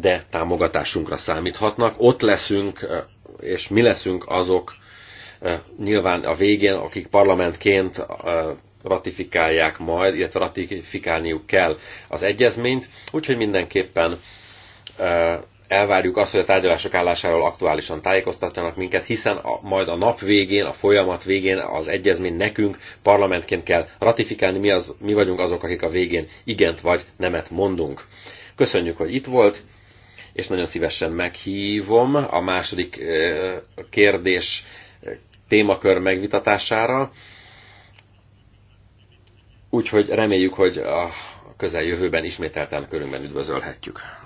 de támogatásunkra számíthatnak. Ott leszünk, és mi leszünk azok nyilván a végén, akik parlamentként ratifikálják majd, illetve ratifikálniuk kell az egyezményt, úgyhogy mindenképpen elvárjuk azt, hogy a tárgyalások állásáról aktuálisan tájékoztatjanak minket, hiszen a, majd a nap végén, a folyamat végén az egyezmény nekünk parlamentként kell ratifikálni, mi, az, mi vagyunk azok, akik a végén igent vagy nemet mondunk. Köszönjük, hogy itt volt, és nagyon szívesen meghívom a második kérdés témakör megvitatására. Úgyhogy reméljük, hogy a közeljövőben ismételten körünkben üdvözölhetjük.